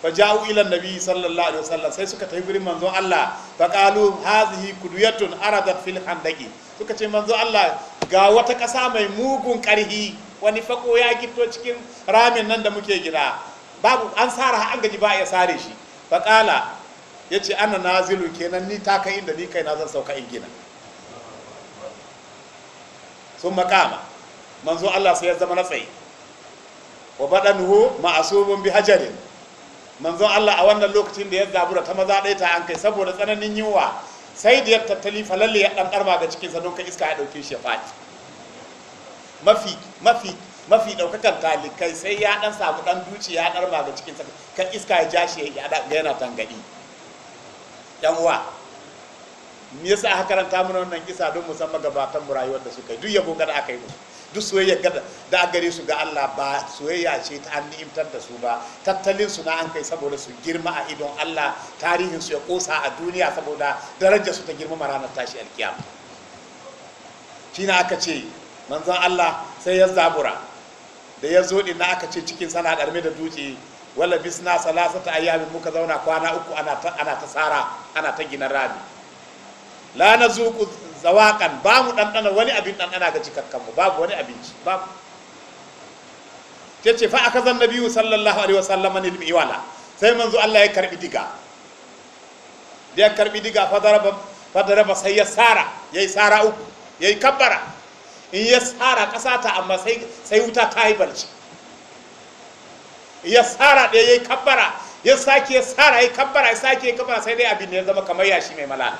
fa ja'u ila nabi sallallahu alaihi wasallam sai suka tafi gurin manzo Allah fa qalu hadhihi kuduyatun aradat fil handaqi suka ce manzo Allah ga wata kasa mai mugun karhi wani fako ya gito cikin ramin nan da muke gida babu an sara an gaji ba ya sare shi fa qala yace ana nazilu kenan ni ta kai inda ni kai na zan sauka in gina sun makama manzo Allah sai ya zama na tsaye wa badanhu ma'asumun bi hajarin manzon Allah a wannan lokacin da ya zabura ta maza ɗaya ta an kai saboda tsananin yunwa sai da ya tattali falalle ya ɗan ƙarma ga cikinsa don ka iska ya ɗauke shi ya faɗi mafi mafi mafi ɗaukakan talikai sai ya ɗan samu ɗan duci ya ɗarma ga cikinsa kan iska ya ja shi ya ga yana tangaɗi yan uwa me yasa aka karanta mana wannan kisa don musamman gabatan mu rayuwar da suka yi duk yabo gada aka yi musu duk soyayya gada da a gare su ga Allah ba soyayya ce ta an ni'imtar da su ba tattalin su na an kai saboda su girma a idon Allah tarihin su ya kosa a duniya saboda darajar su ta girma ranar tashi shi na aka ce manzon Allah sai ya zabura da ya zo din aka ce cikin sana karme da dutse wala bisna salasata ayyamin muka zauna kwana uku ana ta ana tsara ana ta gina rami la nazuku zawakan ba mu ɗanɗana wani abin ɗanɗana ga ba babu wani abinci babu ce ce fa aka zan biyu sallallahu alaihi wasallam ne iwala sai manzo Allah ya karbi diga da ya karbi diga fadara ba sai ya sara yayi sara uku yayi kabbara in ya sara ƙasa ta amma sai wuta ta yi barci ya sara ɗaya yayi kabbara ya sake ya sara yayi kabbara ya sake ya kabbara sai dai abin da ya zama kamar yashi mai malala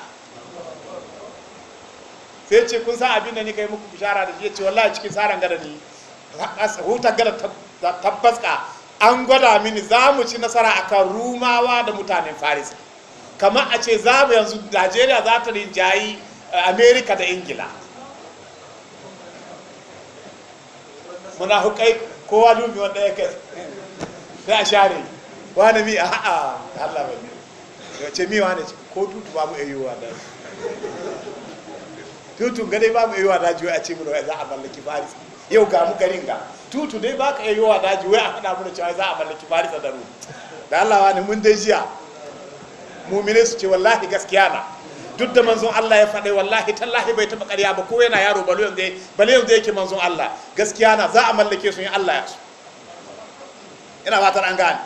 sai ce kun san abin da ni kai muku bishara da shi ya ce wallahi cikin tsarin gada ne hutar gada tabbaska an gwada mini za mu ci nasara a kan rumawa da mutanen faris kamar a ce za mu yanzu najeriya za ta rinjayi eh, amerika da ingila muna hukai kowa dubi wanda ya kai da a share wani mi a ha'a da allah bai ce mi wani ko tutu babu ayyuwa da tutu ga dai ba mu yiwa daji wai a ce mana wai za a mallaki faris yau ga mu garin ga tutu dai ba ka yiwa daji wai a faɗa mana cewa za a mallaki faris da ru da Allah wa ne mun dai jiya mu'mine su ce wallahi gaskiya na duk da manzon Allah ya faɗe wallahi tallahi bai taɓa ƙarya ba ko yana yaro balo yanzu balo yanzu yake manzon Allah gaskiya na za a mallake su in Allah ya so ina fatar an gane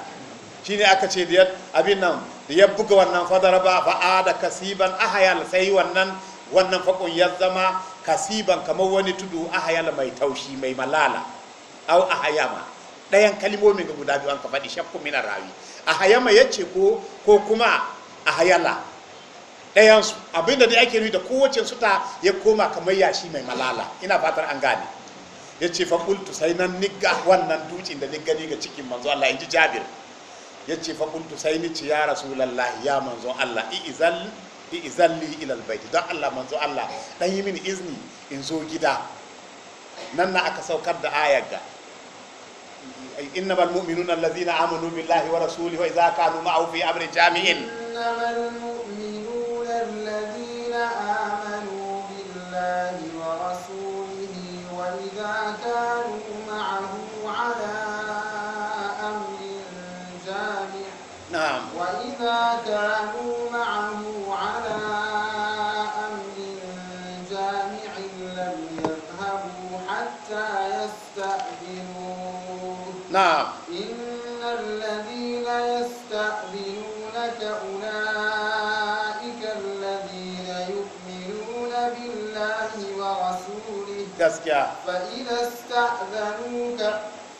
shine aka ce da abin nan da ya buga wannan fadar ba fa'ada kasiban ahayal sai wannan wannan fakon ya zama kasiban kamar wani tudu ahayala mai taushi mai malala au ahayama ɗayan kalmomin ga guda biyu an ka faɗi shakku mina rawi ahayama ya ce ko ko kuma ahayala ɗayan su abinda dai ake nufi da kowace su ta ya koma kamar yashi mai malala ina fatar an gane ya ce fakultu sai nan nigga wannan dutsen da nigga gani ga cikin manzo Allah in ji Jabir ya ce fakultu sai ni ci ya rasulullahi ya manzo Allah i izal. izalli ilal baiti don Allah manzo Allah dan yi mini izini in zo gida nan na aka saukar da ayar ga innamal mu'minuna allazina amanu billahi wa rasulihi wa idza kanu ma'ahu fi amrin jami'in innamal mu'minuna allazina amanu billahi gaskiya فإذا استأذنوك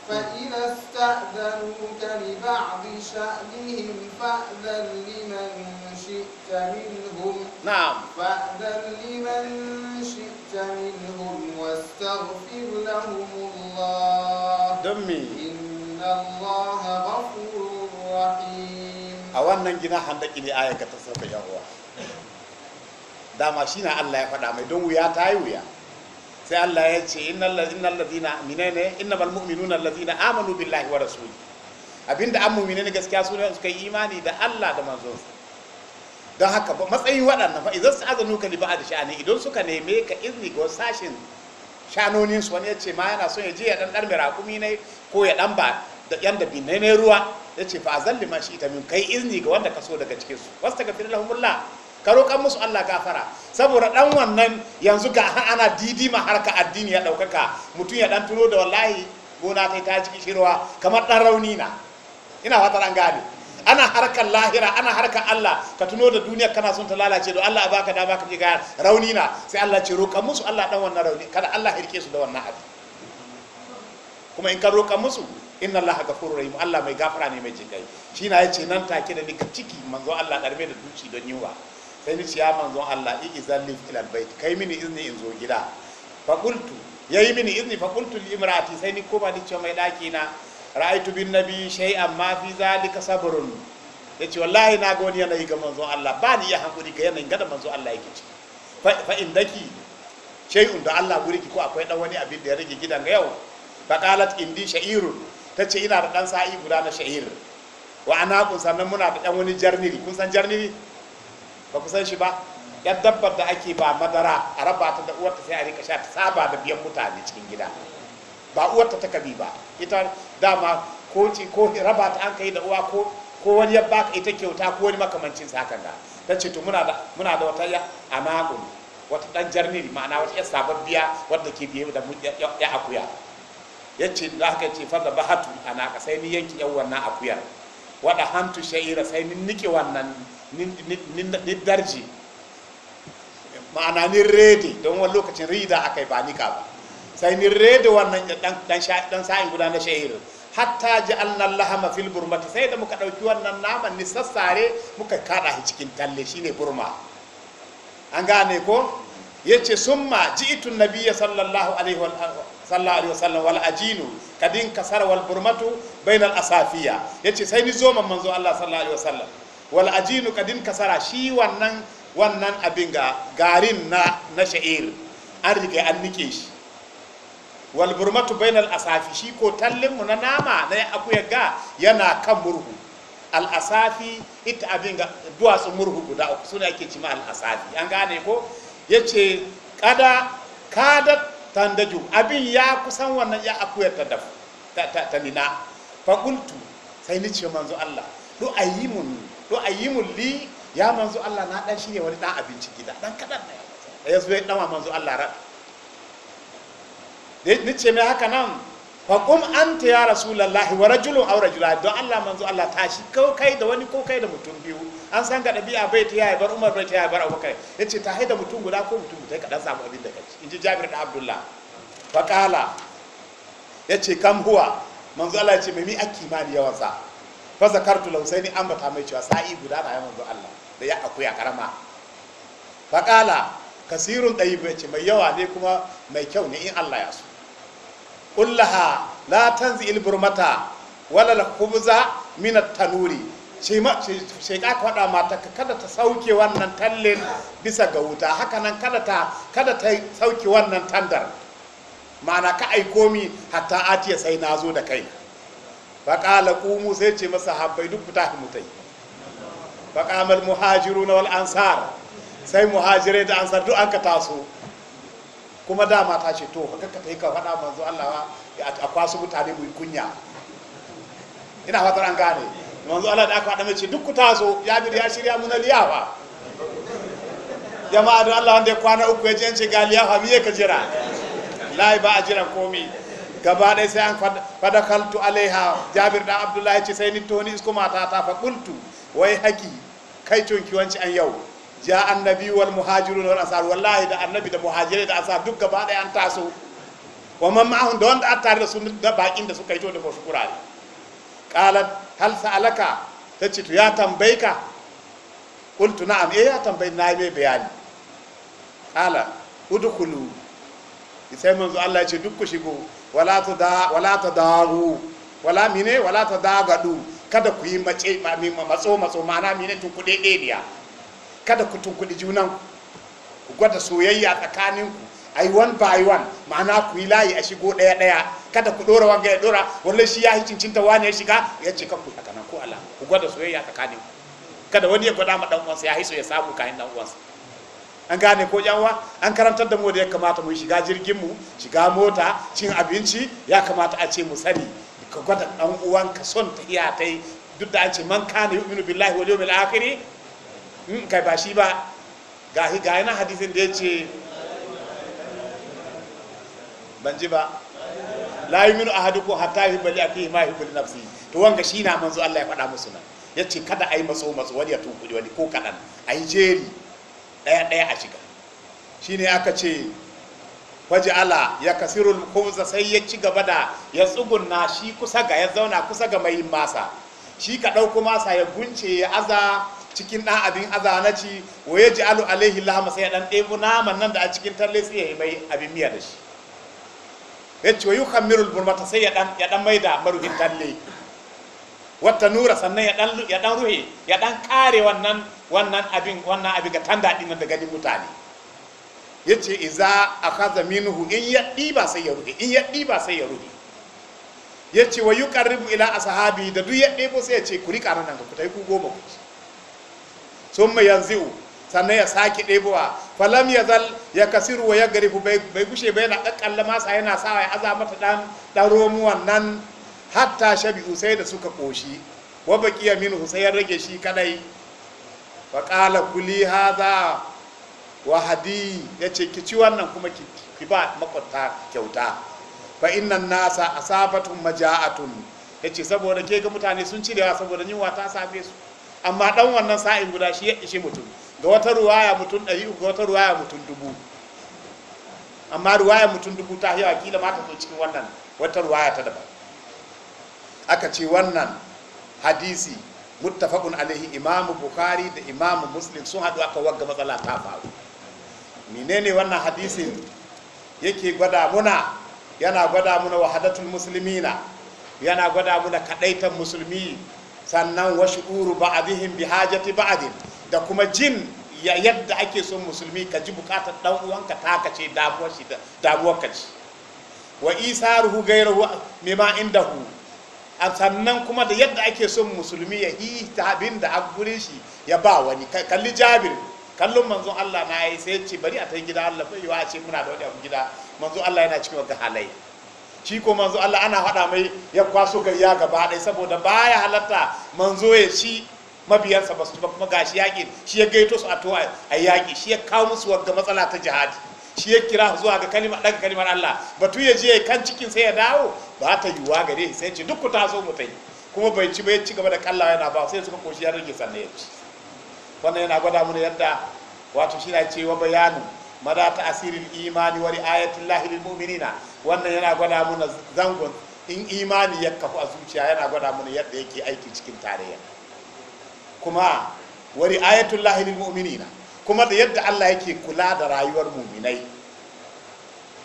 فإذا استأذنوك لبعض شأنهم فأذن لمن شئت منهم نعم فأذن لمن شئت منهم واستغفر لهم الله دمي إن الله غفور رحيم أولا جنا حندك لآية كتسوك يا هو dama shi na Allah ya faɗa mai don wuya ta yi wuya sai Allah ya ce innal ladina minene innamal mu'minuna amanu billahi wa rasuli abinda an mu'mine ne gaskiya su ne suka yi imani da Allah da manzon don haka matsayin waɗannan fa idan azanu ka li da sha'ani idan suka neme ka izini ga sashen shanonin su wani ya ce ma yana son ya je ya dan dar mirakumi ne ko ya dan ba da yan da binne ne ruwa ya ce fa azalli ma shi ita min kai izini ga wanda ka so daga cikin su wasta gafir lahumullah ka roƙan musu Allah gafara saboda dan wannan yanzu ga ana didi ma harka addini ya ɗaukaka mutum ya dan tuno da wallahi gona kai ta ciki shirwa kamar dan rauni na ina fatar an gane ana harkar lahira ana harkar Allah ka tuno da duniya kana son ta lalace don Allah baka ba ka ji ga rauni na sai Allah ce roƙan musu Allah dan wannan rauni kada Allah hirke su da wannan abu kuma in ka roƙan musu inna allaha gafurur rahim Allah mai gafara ne mai jinkai shi na yace nan take da ni ka ciki manzo Allah karbe da duci don yiwa sai ni ciya ya manzon Allah i izallif ila albayt kai mini izini in zo gida fa qultu yayi mini izni fa qultu li imrati sai ni koma ni ciya mai daki na ra'aytu bin nabi shay'an ma fi zalika sabrun yace wallahi na goni yana yi ga manzon Allah ba ni ya hakuri ga yana ga manzon Allah yake ci fa indaki shay'un da Allah guri ki ko akwai dan wani abin da ya rage gidan ga yau fa qalat indi sha'irun tace ina da dan sa'i guda na sha'ir wa kun sannan muna da dan wani jarniri kun san jarniri ba ku san shi ba yan dabbar da ake ba madara a raba ta da uwarta sai a rika sha ta saba da biyan mutane cikin gida ba uwarta ta kabi ba ita dama ko ci ko raba ta an kai da uwa ko ko wani ya baka ita kyauta ko wani makamancin sa hakan da ta ce to muna da muna da wata ya wata dan jarniri ma'ana wata ya sababbiya wadda ke biye da ya akuya yace da haka ce fa zabahatu anaka sai ni yanki yawan na akuyar wada hantu sha'ira sai ni nike wannan ni darji ma'ana ni rede don wani lokacin rida aka yi ba nika ba sai ni rede wannan dan sa'in guda na shahirin hatta ji annan lahama fil burmati sai da muka ɗauki wannan naman ni sassare muka kaɗa shi cikin talle shine burma an gane ko ya ce summa ji'itun nabiyya sallallahu alaihi sallallahu alaihi wasallam wal ajinu kadin kasar wal burmatu bainal asafiya yace sai ni zo manzo Allah sallallahu alaihi wasallam wal ajinu kadin kasara shi wannan wannan abin ga garin na na sha'ir an riga an nike shi wal burmatu bainal asafi shi ko tallin mu na nama na akuya ga yana kan murhu al asafi ita abin ga duwatsun murhu guda uku sune ake cima al asafi an gane ko yace kada kada tandaju abin ya kusan wannan ya akuya ta dafu ta ta nina qultu sai ni ce manzo Allah du'ayimun to a yi mulli ya manzo Allah na dan shine wani dan abinci gida dan kadan ne da ya zo ya dawa manzo Allah ra da ni ce mai haka nan fa kum anta ya rasulullahi wa rajulun aw rajula don Allah manzo Allah tashi ko kai da wani ko kai da mutum biyu an san ga dabi'a bai ta yayi bar Umar bai ta yayi bar Abubakar yace ta haida mutum guda ko mutum guda ka dan samu abin da kace inji Jabir da Abdullah fa qala yace kam huwa manzo Allah ya ce mai mi akimani yawan sa fa kartu lausai ne an bata mai cewa sa'i guda na manzo Allah da ya akuya karama faƙala kasirun dayyib ce mai yawa ne kuma mai kyau ne in Allah ya so kullaha la tanzi burmata wala walala khubza min tanuri shi ka faɗa mata kada ta sauke wannan tallin bisa ga wuta hakanan kada ta kada ta sauke wannan tandar ma'ana ka aiko mi hatta atiya sai na zo da kai faƙala ƙumu sai ce masa habbai duk fita mu ta yi faƙamal muhajiru na wal ansar sai muhajirai da ansar duk an ka taso kuma dama ta ce to haka ka tafi ka faɗa manzo Allah a kwasu mutane mu kunya ina fatar an gane manzo Allah da aka faɗa mace duk ku taso ya bi ya shirya mu na liyafa jama'a da Allah wanda ya kwana uku ya ji an ce ga liyafa me ka jira lai ba a jiran komi gaba ɗaya sai an kaltu alaiha jabir ɗan abdullahi ce sai ni toni mata ta fa kultu. wai haki kai conki wanci an yau ja annabi wal muhajirun wal ansar wallahi da annabi da muhajirai da ansar duk gaba ɗaya an taso wa man ma'ahu da wanda tare da su da bakin da suka yi to da basu kurare qalat hal sa'alaka tace to ya tambayka Kultu na'am eh ya tambayi na yi bayani qala udkhulu sai manzo Allah ya ce duk ku shigo wala ta da wala daru wala mine wala ta dagadu kada ku yi mace matso matso mana mine tun kuɗe ɗaya kada ku tun kuɗi junan ku gwada soyayya tsakanin ku yi one by one ma'ana ku yi layi a shigo ɗaya ɗaya kada ku ɗora wanga ya ɗora walla shi ya hincin ta wani ya shiga ya ce kanku a kanan ko Allah ku gwada soyayya tsakanin ku kada wani ya gwada ma ɗan uwansa ya hiso ya samu kayan ɗan uwansa an gane ko yanwa an karantar da mu da ya kamata mu shiga jirgin mu shiga mota cin abinci ya kamata a ce mu sani ka gwada dan uwan ka son iya tai duk da an ce man kana yu'minu billahi wal yawmil akhir in hmm, kai ba shi ba gahi ga yana hadisin da yace ban ji ba la yu'minu ahadukum hatta yuhibba li akhihi ma yuhibbu li nafsihi to wanga shi na manzo Allah ya fada musu nan yace kada ai maso maso wani ya tuku wani ko kadan ai jeri ɗaya ɗaya a shiga shine aka ce waje ala ya kasirul kumza sai ya ci gaba da ya tsugunna shi kusa ga ya zauna kusa ga mai masa shi ka ɗauko masa ya gunce ya aza cikin ɗan abin aza na ci wa ya ji alu alaihi lahama sai ya ɗan ɗebo naman nan da a cikin talle sai ya yi mai abin miya da shi ya ci wa yi mirul burmata sai ya ɗan mai da maruhin talle wata nura sannan ya dan ya dan ruhe ya dan kare wannan wannan abin wannan abin ga tanda din da ganin mutane yace iza akhadha minhu in ya diba sai ya ruhe in ya diba sai ya ruhe yace wa yuqarribu ila ashabi da duk ya debo sai ya ce ku rika nan ga tai ku goma ku summa yanzu sannan ya sake debowa falam ya zal ya kasiru wa ya garifu bai gushe bai na kakkalla masa yana sawa ya aza mata dan dan romuwan nan hatta shabi'u sai da suka koshi wa baqiya minhu sai ya rage shi kadai fa qala kuli hadha wa hadi yace ki ci wannan kuma ki ba makwata kyauta fa innan nasa asabatun maja'atun yace saboda ke ga mutane sun ci da saboda yunwa ta safe su amma dan wannan sa'in guda shi ya ishe mutum ga wata ruwaya mutum uku ga wata ruwaya mutum dubu amma ruwaya mutum dubu ta hiya kila ma ta cikin wannan wata ruwaya ta daban aka ce wannan hadisi muttafaqun alaihi imamu bukhari da imamu muslim sun haɗu aka wagga matsala ta faru menene wannan hadisin yake gwada muna yana gwada muna wahadatul muslimina yana gwada muna kadaitan musulmi sannan wa shu'uru ba'dihim bi hajati ba'din da kuma jin yadda ake son musulmi ka ji bukatar dan uwanka ta kace damuwar shi damuwar ka ci wa isaruhu gairahu mimma indahu a sannan kuma da yadda ake son musulmi ya yi ta abin da a gurin shi ya ba wani kalli jabir kallon manzon Allah na yi sai ce bari a ta gida Allah bai wa ce muna da wani abu gida manzon Allah yana cikin wata halayya shi ko manzo Allah ana haɗa mai ya kwaso gayya gaba ɗaya saboda baya halatta manzo ya ci mabiyansa ba su ba kuma gashi yaƙi shi ya gaito su a to a yaƙi shi ya kawo musu wagga matsala ta jihadi shi ya kira zuwa ga kalima daga kalimar Allah batu ya je kan cikin sai ya dawo ba ta yiwuwa gare sai ce duk ku taso mu tai kuma bai ci ya ci gaba da kallawa yana ba sai suka koshi ya rage sannan ya ci wannan yana gwada mu yadda wato shi na cewa bayanu mada ta asirin imani wa lahi lil mu'minina wannan yana gwada mu zangon in imani ya kafu a zuciya yana gwada mu yadda yake aiki cikin tarayya kuma wa lahi lil mu'minina kuma da yadda Allah yake kula da rayuwar muminai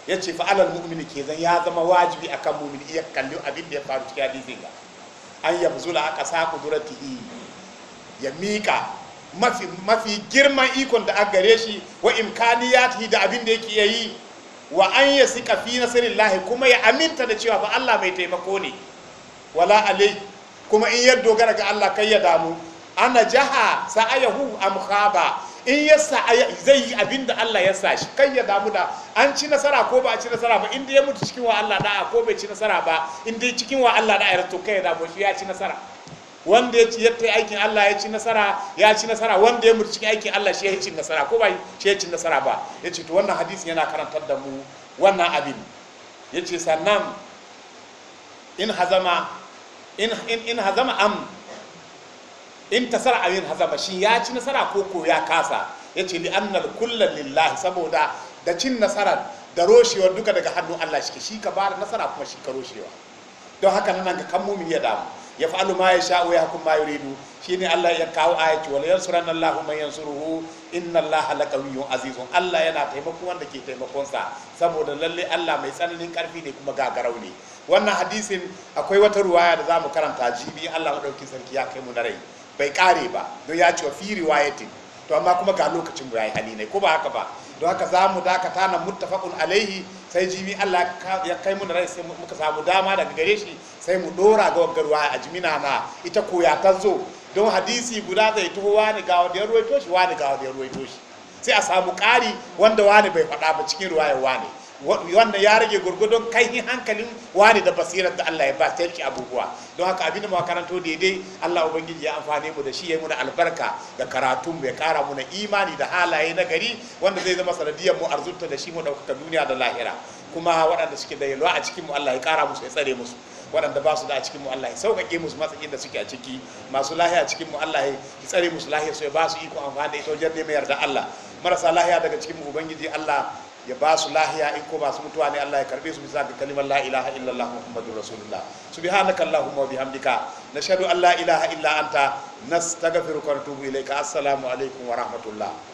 ya ce fa'alar mumini ke zan ya zama wajibi a kan mumini iya kalli abin da ya faru cikin hadisin ga an yabu zula aka sa kudurati ya miƙa mafi mafi girman ikon da aka gare shi wa imkaniyatihi da abin da yake yi wa an ya sika fi nasarillahi kuma ya aminta da cewa fa Allah mai taimako ne wala alai kuma in yadda dogara ga Allah kai ya damu ana jaha sa'ayahu am in yasa zai yi abin da Allah ya sa shi kai ya damu da an ci nasara ko ba a ci nasara ba inda ya mutu cikin wa Allah da'a ko bai ci nasara ba inda ya cikin wa Allah da'a ya to kai ya damu shi ya ci nasara wanda ya ci yatta aikin Allah ya ci nasara ya ci nasara wanda ya mutu cikin aikin Allah shi ya ci nasara ko ba shi ya ci nasara ba yace ce to wannan hadisi yana karantar da mu wannan abin ya ce sannan in hazama in in hazama am in tasara abin hazama shi ya ci nasara ko ko ya kasa ya ce li'annar kullum lillahi saboda da cin nasarar da roshewa duka daga hannun Allah shi shi ka ba da nasara kuma shi ka roshewa don haka nan ga kan mumin ya damu ya fa'alu ma ya sha'u ya ya ma shi ne Allah ya kawo ayati wala yansuranna mai man yansuruhu inna Allaha laqawiyyun azizun Allah yana taimakon wanda ke taimakonsa saboda lalle Allah mai tsananin karfi ne kuma gagarau ne wannan hadisin akwai wata ruwaya da za mu karanta jibi Allah ɗauki sarki ya kai mu na rai bai kare ba don ya ce wa fi to amma kuma ga lokacin mu yayi hali ne ko ba haka ba don haka za mu dakata na muttafaqun alaihi sai jimi Allah ya kai mu da rai sai muka samu dama daga gare shi sai mu dora ga waggarwa a jimina na ita koya ta zo don hadisi guda zai taho wani ga wanda ya ruwaito shi wani ga wanda ya ruwaito shi sai a samu kari wanda wani bai faɗa ba cikin ruwayar wani wannan ya rage gurgudun kaihin hankalin wani da basirar da Allah ya ba ta yanki abubuwa don haka abin da mu karanto daidai Allah ubangiji ya amfane mu da shi ya yi muna albarka da karatun mai kara muna imani da halaye na gari wanda zai zama sanadiyar mu arzuta da shi mu ɗaukaka duniya da lahira kuma waɗanda suke da yalwa a cikin mu Allah ya kara musu ya tsare musu waɗanda ba su da a cikin mu Allah ya sauƙaƙe musu matsayin da suke a ciki masu lahiya a cikin mu Allah ya tsare musu lahiya su ya ba su iko amfani da ita wajen neman yarda Allah marasa lahiya daga cikin mu ubangiji Allah ya ba su lahiya in ko masu mutuwa ne Allah ya karbe su bisa ga kalimar la ilaha illallah muhammadur rasulullah subhanaka allahumma wa bihamdika nashhadu an la ilaha illa anta nastaghfiruka wa natubu ilayka assalamu alaikum wa rahmatullah